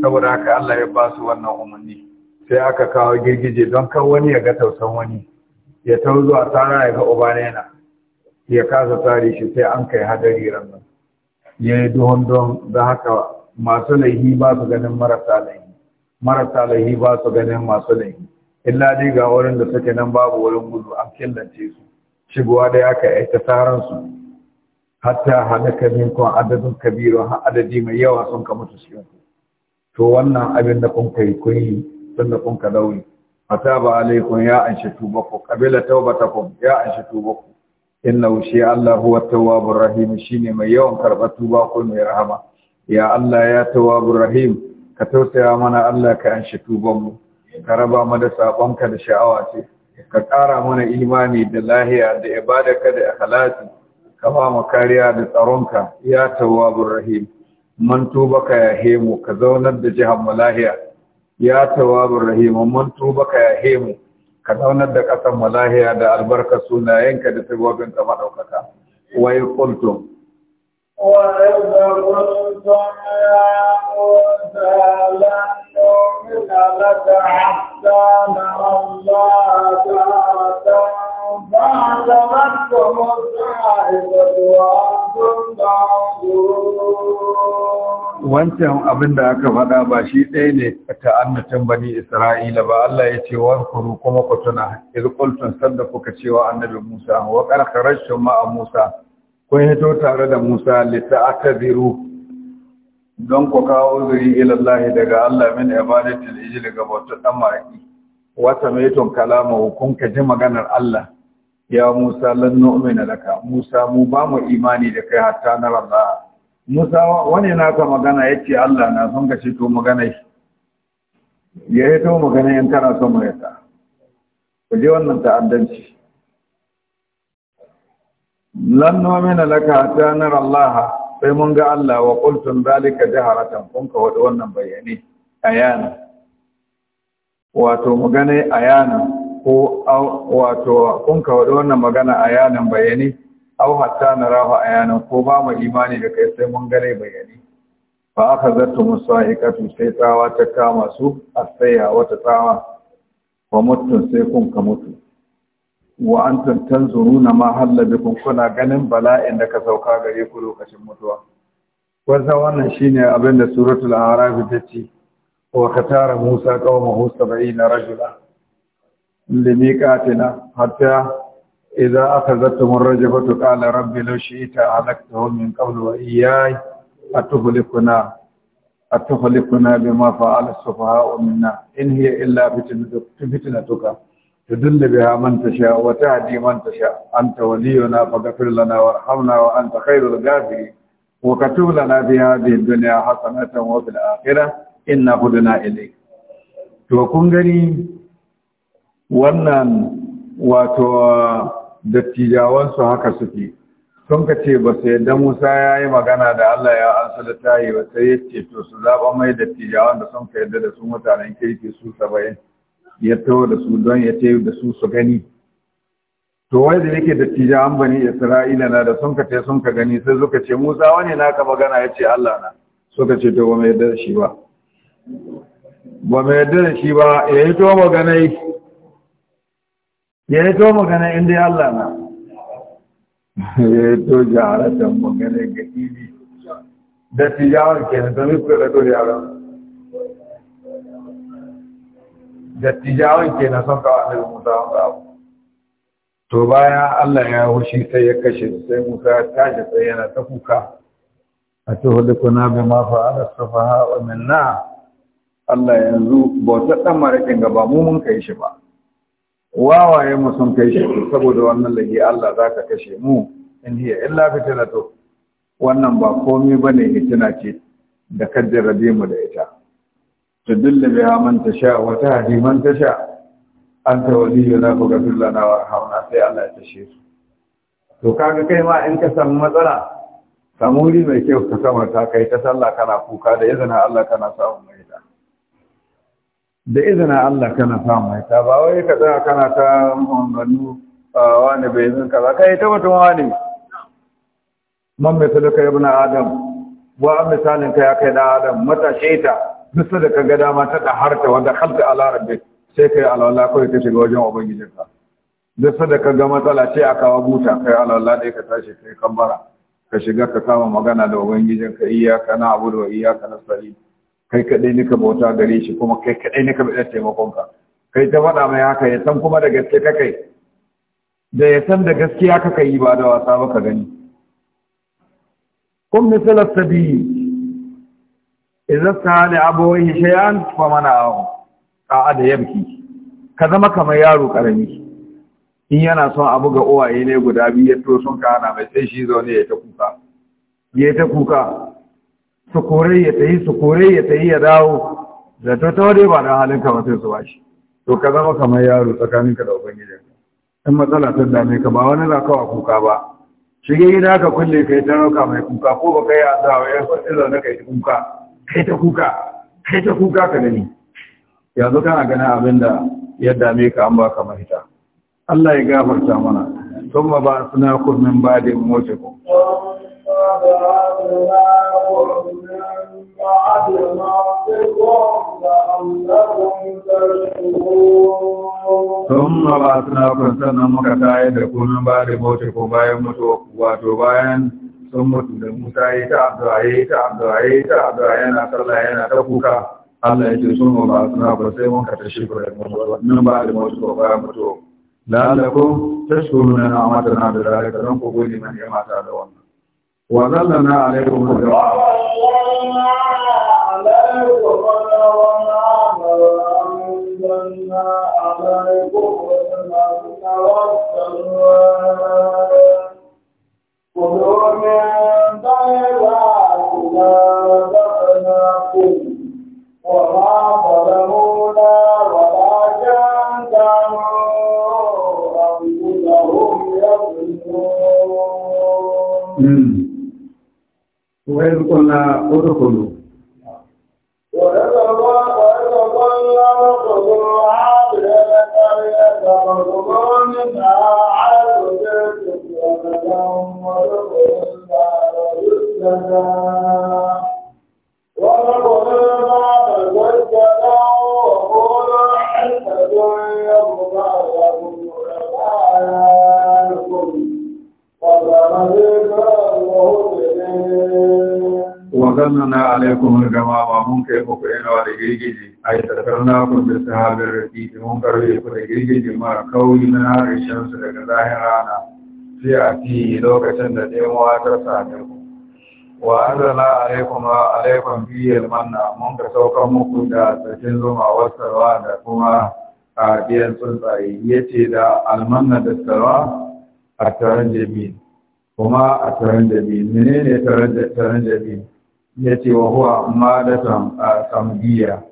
saboda haka Allah ya ba su wannan umarni sai aka kawo girgije don kan wani ya ga tausan wani ya tauzo a tsara ya ga uba yana ya kasa tare shi sai an kai hadari ranar ya yi duhun don da haka masu laihi ba su ganin marasa laihi marasa laihi ba su ganin masu laihi illa dai ga wurin da suke nan babu wurin gudu an killace su shigowa da ya kai ta taron su hatta halaka minkum adadin kabiru har adadi mai yawa sun ka mutu cikin to wannan abin da kun kai kun yi tun da kun ka dauri fataba alaikum ya anshi tubaku qabila tawbatakum ya anshi tubaku inna shi Allah huwa tawwabur rahim shine mai yawan karbar tuba ko mai rahama ya Allah ya tawwabur rahim ka tausaya mana Allah ka anshi tuban mu ka raba mu da sabonka da sha'awa ce ka ƙara mana imani da lahiya da ibadarka da ikhlasi ka ba mu kariya da tsaronka ya tawwabur rahim man tuba ka ya hemu ka zaunar da jihar mu lahiya ya tawwabur rahim man tuba ka ya hemu ka zaunar da ƙasan mu da albarka sunayenka da sabobin ka maɗaukata wa yaqultum وإذ قلتم يا موسى لن نؤمن wancan abin da aka faɗa ba shi ɗaya ne ta annatin bani isra'ila ba Allah ya ce wa kuru kuma ku tuna irkultun sanda kuka cewa annabi musa wa karkarashin ma'a musa kun hito tare da musa litta'atabiru don ku kawo zuri ilallahi daga Allah min ibadatul ijil ga bautar dan wata maiton kalama kun ka ji maganar Allah ya Musa lan nu'mina laka Musa mu ba mu imani da kai hatta na rabba Musa wani na ka magana yace Allah na son ka ce to magana ya yi to magana yan kana son mu yata ku je wannan ta'addanci lan nu'mina laka hatta na Allah sai mun ga Allah wa qultum zalika jaharatan kun ka wadi wannan bayani ayana wato magana ayana ko wato kun ka wannan magana a yanan bayani au hatta na rahu a yanan ko ba mu imani da kai sai mun gane bayani fa aka zartu ikatu sai tsawa ta kama su a tsaya wata tsawa wa mutum sai kun ka mutu wa zuru na ma halla kun kuna ganin bala'in da ka sauka gare ku lokacin mutuwa wanda wannan shine abin da suratul a'raf ta ce wa katara musa qaumahu 70 rajula limiqatina hatta idza akhadhatuhum ar-rajfatu qala rabbi law shi'ta ahlaktuhum min qablu wa iyyaya atuhlikuna atuhlikuna bima fa'ala as-sufaha'u minna in hiya illa تدل بها من تشاء وتهدي من تشاء أنت ولينا فغفر لنا وارحمنا وأنت خير الغافرين وكتب لنا في هذه الدنيا حسنة وفي الآخرة إنا هدنا إليك to kun gani wannan wato dattijawansu haka suke sun ka ce ba su yadda musa ya yi magana da allah ya ansa da yi ba sai ya ce to su zaɓa mai dattijawan da sun ka yadda da su mutanen kirki su saba'in ya taho da su don ya ce da su su gani to wai da yake dattijawan bani isra'ila na da sun ka ce sun ka gani sai suka ce musa wani naka magana ya ce allah na suka ce to ba mai yadda da shi ba ba mai yadda da shi ba ya yi to maganai ya yi to magana inda ya Allah na ya yi to jaharatan magana ga ibi da tijawar ke na zami kuwa da yaron da tijawar ke na son kawo daga musa wanda abu to baya Allah ya hushi sai ya kashe sai musa ya tashi sai yana ta kuka a tuhudukuna bi ma fa'ala safaha wa minna Allah yanzu bautar dan marakin gaba mu mun kai shi ba wawaye mu sun kai shi saboda wannan lage Allah za ka kashe mu in hiya illa fitnatu wannan ba komai bane hitina ce da kaddar rabe mu da ita tudilla biha man tasha wa tahdi man tasha anta waliyuna ga ghfir lana hauna sai Allah ya tashe su to kaga kai ma in ka samu matsala samu wuri mai kyau ka sama ta kai ta sallah kana kuka da izinin Allah kana samun mai da izina Allah kana samu ita ba wai ka tsaya kana ta a ah, wani bai zin ka kai ta mutum wani man misaluka ibn adam wa misalin ka ya kai da adam mata ta duk da ka ga dama ta da harta wanda khalta ala rabbi sai kai alawala kawai ka shiga wajen ka duk da ka ga matsala ce a kawo buta kai alawala dai ka tashi ka yi kambara ka shiga ka kama magana da ka iyaka na abudu wa na nasta'in kai kadai nika bauta gare shi kuma kai kadai nika bi taimakon ka kai ta faɗa mai haka ya san kuma da gaske ka kai da ya san da gaskiya ka kai ba da wasa ba ka gani kun misalar sabi idan sa ne abubuwan shayan fa mana a'a da yamki ka zama kamar yaro karami in yana son abu ga uwaye ne guda biyu ya to sun kana mai sai shi zaune ya ta kuka ya ta kuka su kore ya tayi su kore ya tayi ya dawo zato ta wadai ba da halin ka ba sai su ba shi. to ka zama kamar yaro tsakanin ka da ubangijin in matsala ta dame ka ba wani lakawa kuka ba shige gida ka kulle kai ta roka mai kuka ko ba kai azza wa ya faɗi zaune kai kuka kai ta kuka kai ta kuka ka gani yanzu kana ganin abinda ya dame ka an baka mahita Allah ya gafarta mana ثم بعثناكم من بعد موتكم ثم بعثناكم بعد موتكم لعلكم تشكرون ثم بعثناكم sannan muka tayar da ku min ba da ko bayan mutuwa wato bayan sun mutu da Musa ya ta addu'a ya ta addu'a ya ta addu'a yana sallah yana ta kuka Allah ya ce sun ba suna ba sai mun ka shi ku da nan ba da ko bayan mutuwa la'allakum mata na da zalika dan ku gode mana ni'mata da wannan wa zallana alaikum du'a Wọ́n rẹ̀ ń kọ́ ní ọdún kan lọ. wa zannana alaikumul gama wa mun kai muku yana wa da girgije ai takarna kun da sahabin rafi da mun karbe ku da girgijin mara kauri na harshen su daga zahin rana sai a fi lokacin da ɗaya ta same ku wa anzala alaikum alaikum bi almanna mun ka saukar muku da sakin zuma wasarwa da kuma a biyan tsuntsaye yace da almanna da sarwa a taron jami'in kuma a taron jami'in menene taron jami'in yace wa huwa madatan sambiya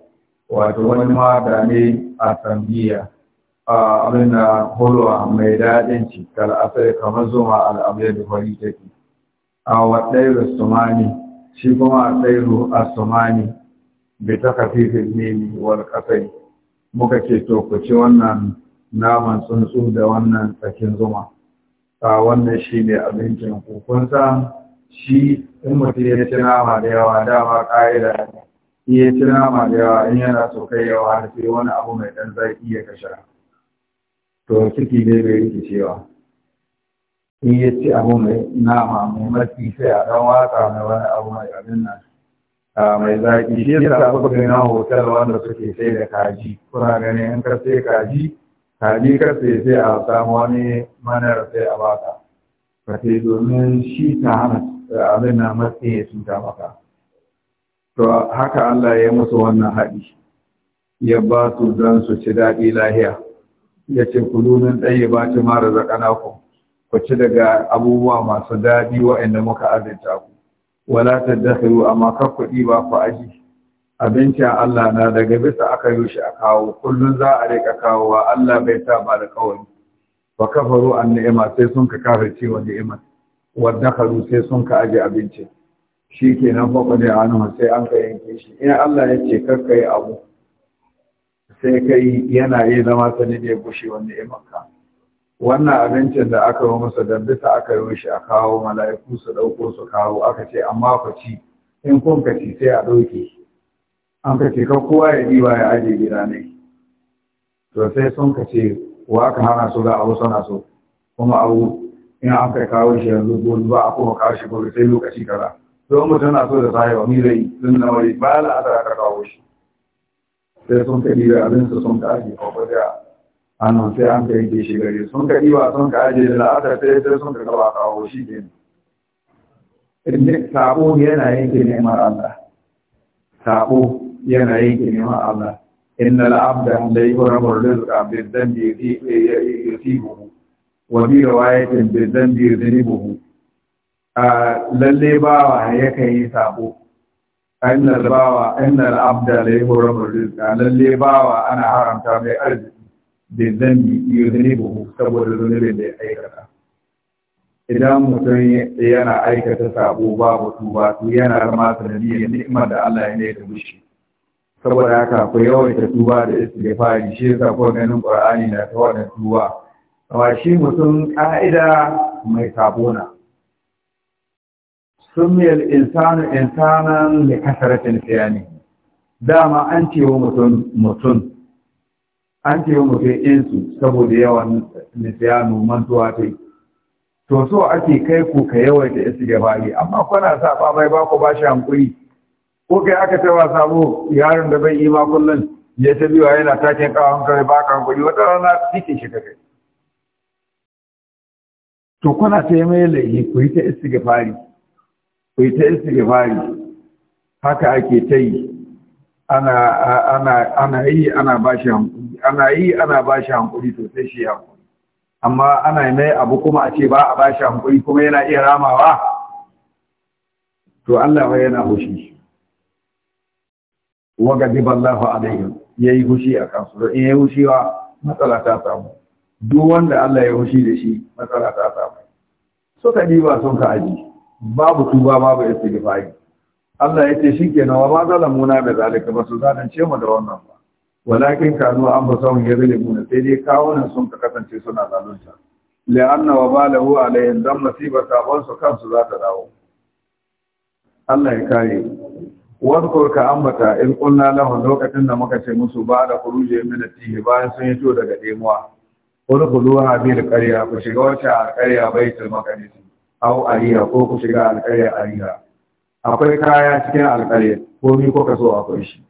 wato wani mata ne a sambiya a abin da hulwa mai daɗin cikar kal'asai kamar zuma al'abiyar da fari take a waɗairu sumani shi kuma a tsairu a sumani bai ta nemi wani kasai muka ce tokoci wannan naman tsuntsu da wannan tsakin zuma a wannan shi ne abincin kukunsa shi in mutum ya ci nama da yawa dama ƙa'ida ne iya ci nama da yawa in yana so kai yawa har sai wani abu mai dan zaki ya kashe. to ciki ne bai yake cewa in ya ci abu mai nama mai matsi sai a ɗan watsa mai wani abu mai abin nan mai zaki shi yasa kuka gani na hotel wanda suke sai da kaji kuna gani in ka sai kaji kaji ka sai sai a samu wani manar sai a baka ka sai domin shi ta hana abin na matsi ya cuta maka to haka Allah ya yi musu wannan haɗi ya ba su don su ci daɗi lahiya ya ce kulunin ɗaya ba ci mara zaƙana ku ku ci daga abubuwa masu daɗi inda muka azinta ku wala ta dafiru, amma kan kuɗi ba ku aji abincin Allah na daga bisa aka yi shi a kawo kullum za a riƙa kawowa Allah bai sa ba da kawai Ba kafaru an ni'ima sai sun ka kafa ciwon ni'imar wadda sai sun ka aje abincin shi ke nan kwade a nan sai an ka yanke shi in Allah ya ce karka yi abu sai kai yana iya zama wanda ya maka wannan abincin da aka yi masa da bisa aka yi shi a kawo mala'iku su ɗauko su kawo aka ce amma ku ci in kun ka ci sai a ɗauke an ka ce ka kowa ya wa ya aje gida ne to sai sun ka ce wa aka hana su da abu suna so kuma abu in an kai kawo shi yanzu ba a kuma kawo shi gobe sai lokaci kaza don mutum na so da sahiwa wa zai sun na wari ba la asara ka kawo shi sai sun kaɗi da abin su sun ka aje a kwaja annan sai an kai ke shi gare sun kaɗi ba sun ka aje da la'asar sai sai sun ka gaba kawo shi ke sabo yana yanke neman Allah sabo yana yanke neman Allah inna al'abda da yi rabar rizqa bi dhanbi yusibuhu wa bi riwayatin bi dhanbi yudhibuhu lalle bawa yakan yi sabo annal bawa annal abda la yuhramu rizqa lalle bawa ana haramta mai arziki bi zanbi yuznibu saboda zunubin da ya aikata idan mutum yana aikata sabo babu tuba to yana zama sanadiyar ni'imar da Allah ya ne ta mushi saboda haka ku yawaita tuba da istighfari shi yasa ko ganin Qur'ani na ta tuba amma shi mutum ka'ida mai sabona sumiyar insanu insanan da kasaratin fiyani dama an ce wa mutum mutum an ce mutum insu saboda yawan nisiyanu mantuwa ta to so ake kai ku ka yawaita isi gabari amma kwana sa ba mai ba ku ba shi hankuri ko kai aka ta wasa yaron da bai yi ma kullun ya ta biwa yana take kawo hankali ba ka hankuri wata rana cikin shi kai to kuna ta mai laifi ku yi ta isi gabari ku yi ta istighfari haka ake ta yi ana ana ana yi ana bashi hankuri ana yi ana bashi hankuri sosai shi hankuri amma ana mai abu kuma a ce ba a ba shi hankuri kuma yana iya ramawa to Allah ba yana hushi wa gadiba Allahu alaihim yi hushi a kansu in hushi wa matsala ta samu duk wanda Allah ya hushi da shi matsala ta samu suka diba sun ka aji babu tuba babu istighfari Allah yace shikenan wa ma zalamuna da zalika basu zalunce mu da wannan ba walakin kanu anfusahum yadhlimuna sai dai kawunan sun ka kasance suna zalunta anna wa balahu alayhi dam masibata su kansu za ta dawo Allah ya kare wadkur ka ambata in kunna lahu lokacin da muka ce musu ba da kuruje min tihi bayan sun yato daga demuwa wadkhuluha bil qarya ku shiga wata qarya baitul maqdis au ariya ko ku shiga a ariya akwai kaya cikin alƙaryar ko mi kuka so akwai shi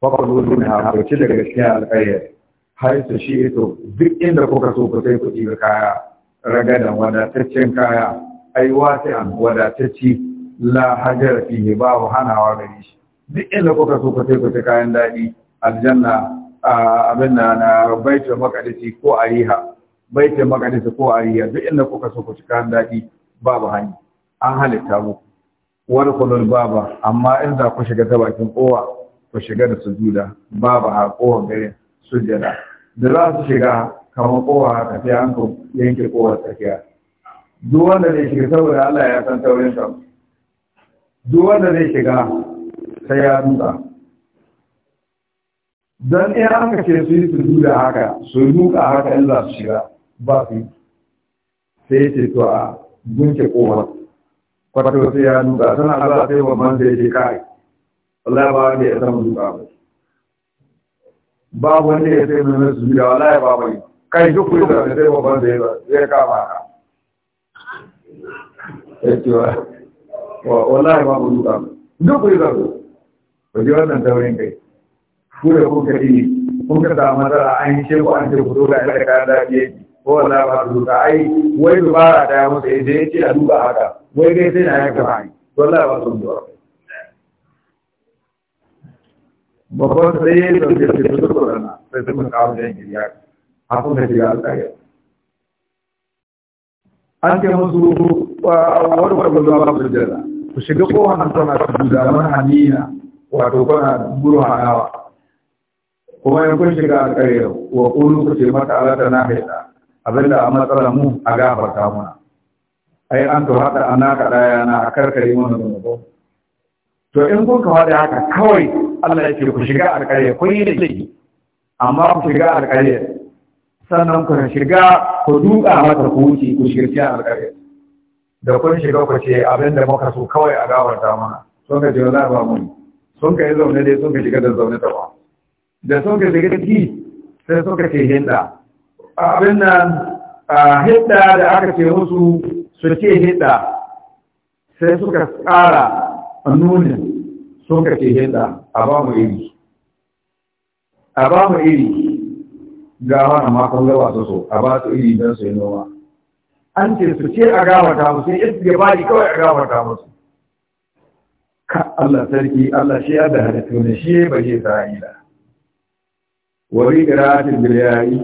kuka zo ne a fice daga cikin alƙaryar har su shi ito duk inda kuka so ku sai ku ɗiba kaya ragadan wadataccen kaya ai an wadatacci la hajar fihi babu hanawa gare shi duk inda kuka so ku sai ku ci kayan daɗi aljanna abin na na baitul maqdisi ko ariha baitul maqdisi ko ariha duk inda kuka so ku ci kayan daɗi babu hanyar an halitta mu wani kulul baba amma in za ku shiga ta bakin kowa ku shiga da sujuda babu a kowa gare sujada da za su shiga kamar kowa haka sai an ku yanke kowa tsakiya duk wanda zai shiga saboda Allah ya san taurin sa duk wanda zai shiga sai ya duka don in aka ce su yi su duka haka su duka haka in za su shiga ba su yi sai ce to a gunke kofar kwato sai ya duka tana za ta yi babban sai ce kai Allah ba wanda ya san duka ba ba wanda ya sai nuna su gida wallahi ba bai kai duk kuyi da sai babban sai zai kama ka ya wa wallahi ba mu duka duk kuyi da su ji wannan taurin kai ku da kuka yi kun ka samu matsala an yi sheku an ce ku zo ga yake ko wala ba su duka ai wai dubara ta masa idan eh, ya ce a duba haka wai dai sai na ya gaba ai wallahi ba su duka babban sai ya yi ɗauke su su duka rana sai su mun kawo da yankin ya hafin da shiga alƙayar an ce musu wani kwallon zuwa ba su jira ku shiga kowane sana su duda hannina. wato kuna buru hanawa kuma yankun shiga alƙayar wa ƙulu ku ce mata alata na haita abinda a matsalar mu a gafarta muna ai an to hada ana kaɗa yana na a karkare mana zunubo to in kun ka da haka kawai Allah ya ce ku shiga alƙarya kun yi laifi amma ku shiga alƙarya sannan ku shiga ku duka mata ku wuce ku shirci alƙarya da kun shiga ku ce abinda muka so kawai a gafarta mana sun ka ce wani ba mu sun ka yi zaune dai sun ka shiga da zaune ta ba da sun ka shiga ciki sai sun ka ce hinda abin nan hidda da aka ce musu su ce hidda sai suka tsara nunin suka ce hidda a ba mu iri a ba mu iri ga wani makon gaba su so a ba su iri don su yi noma an ce su ce a gawata musu sai iske bari kawai a gawata musu ka Allah sarki Allah shi ya da halittu ne shi ba shi sa'ila wani ƙiratin biliyari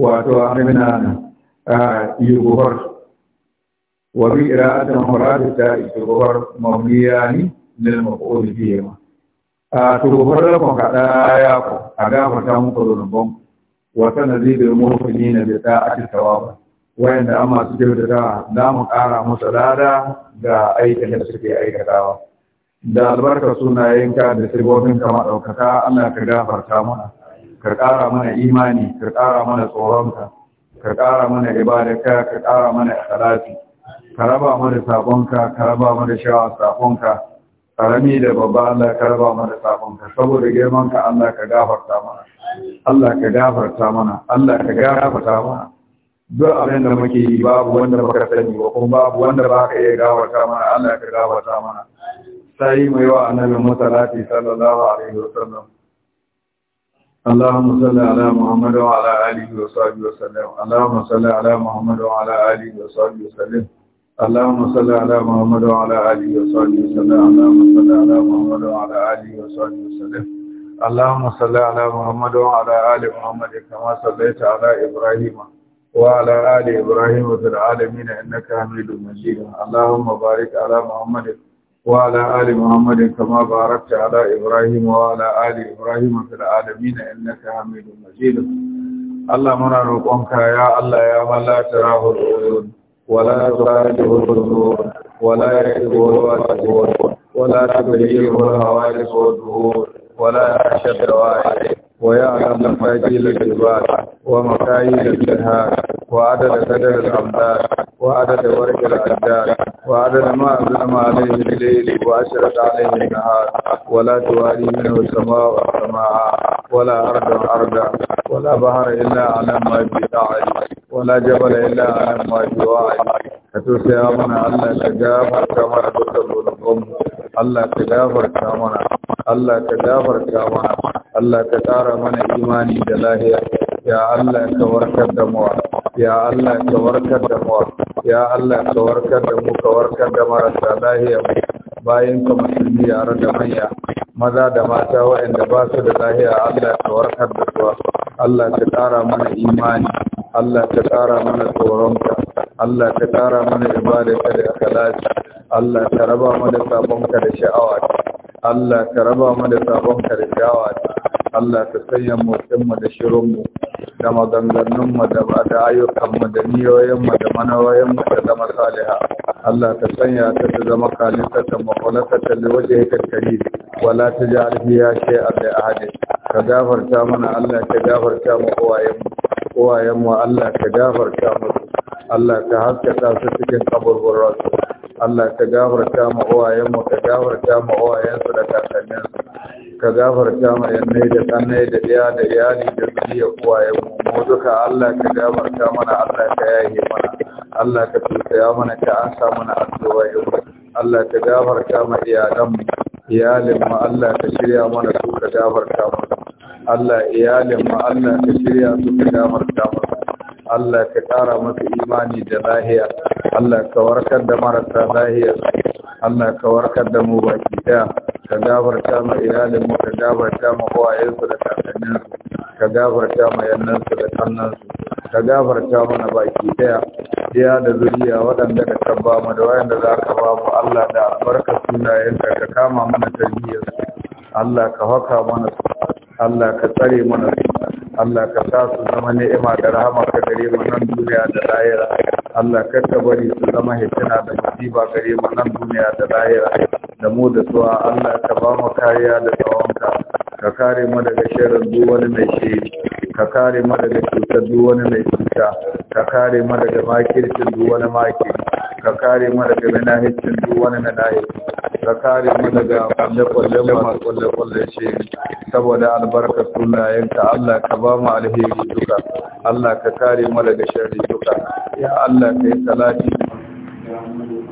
wato amina yugubar wa bi ira'atan murad ta yugubar na lil maf'ul ma a to da kuma kaɗa ya ku a ta muku na wa ta mu'minina bi ta'ati wayan wayanda amma su kyautata da mu ƙara musu lada da aikin da suke aikatawa da albarka sunayenka da kama ɗaukaka, ana ka gafarta mana ka ƙara mana imani ka ƙara mana tsoronka ka ƙara mana ibadaka ka ƙara mana ikhlasi ka raba mana sabonka ka raba mana shawa sabonka karami da babba Allah ka raba mana sabonka saboda girman ka Allah ka gafarta mana Allah ka gafarta mana Allah ka gafarta mana duk abin da muke yi babu wanda baka sani ba kuma babu wanda baka iya gafarta mana Allah ka gafarta mana sai mai wa annabi musallati sallallahu alaihi wasallam Allahumma salli ala Muhammad wa ala alihi wa sahbihi wa sallam. Allahumma salli ala Muhammad wa ala alihi wa sahbihi wa sallam. Allahumma salli ala Muhammad wa ala alihi wa sahbihi wa sallam. Allahumma salli ala Muhammad wa ala alihi wa sahbihi wa sallam. Allahumma salli ala Muhammad wa ala ali Muhammad kama sallaita ala Ibrahim wa ala ali Ibrahim fil alamin innaka Hamidum Majid. Allahumma barik ala وعلى آل محمد كما باركت على إبراهيم وعلى آل إبراهيم في العالمين إنك حميد مجيد اللهم نرقمك يا الله يا من لا تراه العيون ولا تراجه الظهور ولا يكتبه الواجبون ولا تبليه الهوالك والظهور ولا يخشى الدوائر ويعلم مفاجيل الجبال ومكايد الجهاد وعدد قدر الأمداد وعدد ورق الأجداد وعدد ما أظلم عليه الليل وأشرت عليه النهار ولا تواري منه السماء والسماء ولا أرض أرضا ولا بحر إلا على ما في ولا جبل إلا على ما في واعي سيامنا من الله تجافر كما تسلونكم الله تجافر كما الله تجافر كما الله تجافر ƙara mana imani da lahiya ya Allah ka warkar da mu ya Allah ka warkar da mu ya Allah ka warkar da mu ka warkar da marasa lahiya bayan ka musulmi yare da manya maza da mata waɗanda ba su da lahiya Allah ka warkar da su Allah ka ƙara mana imani Allah ka ƙara mana tsoronka Allah ka ƙara mana ibadarka da akhlaqi Allah ka raba mana sabonka da sha'awa Allah ka raba mana sabonka da sha'awa Allah ka sanya mu mu da shirinmu da maganganunmu da da ayyukanmu da niyoyinmu da manawoyinmu ta zama saliha Allah ka sanya ta ta zama kalisatan ta da waje ya kakkari wala ta ji alfiya shi a bai ahadi ka gafarta mana Allah ka gafarta mu uwayenmu uwayenmu Allah ka gafarta musu Allah ka haskaka su cikin kaburburarsu Allah ka gafarta mu uwayenmu ka gafarta mu uwayensu da kakanninsu ka gafarta ma yannai da kannai da ɗaya da iyali da iya uwaye mu duka Allah ka gafarta mana Allah ka yaye mana Allah ka tsaya mana ka ansa mana addu'a Allah ka gafarta ma iyalan mu iyalin mu Allah ka shirya mana su ka gafarta mana Allah iyalin mu Allah ka shirya su da gafarta Allah ka kara masa imani da lahiya Allah ka warkar da marasa lahiya Allah ka warkar da mu baki daya ka gafarta ma iyalin mu ka gafarta ma su da su. ka gafarta ma yannansu da su. ka gafarta mana baki daya iya da zuriya waɗanda ka tabba mu da wayanda za ka ba mu Allah da albarka sunayenka ka kama mana tarbiyyar Allah ka haka mana su. Allah ka tsare mana Allah ka sa su zama ni'ima da rahama ka gare mu nan duniya da lahira Allah ka bari su zama hikima da musiba gare mu nan duniya da lahira da mu da suwa Allah ka ba mu kariya da tsawonka ka kare mu daga shirin duk wani mai shiri ka kare mu daga cutar duk wani mai cuta ka kare mu daga makircin duk wani maki. ka kare mu daga minahicin duk wani minahic ka kare mu daga kwalle-kwalle masu kwalle-kwalle shiri saboda albarkar sunayenka Allah ka ba mu alheri duka Allah ka kare mu daga sharri duka ya Allah ka yi salati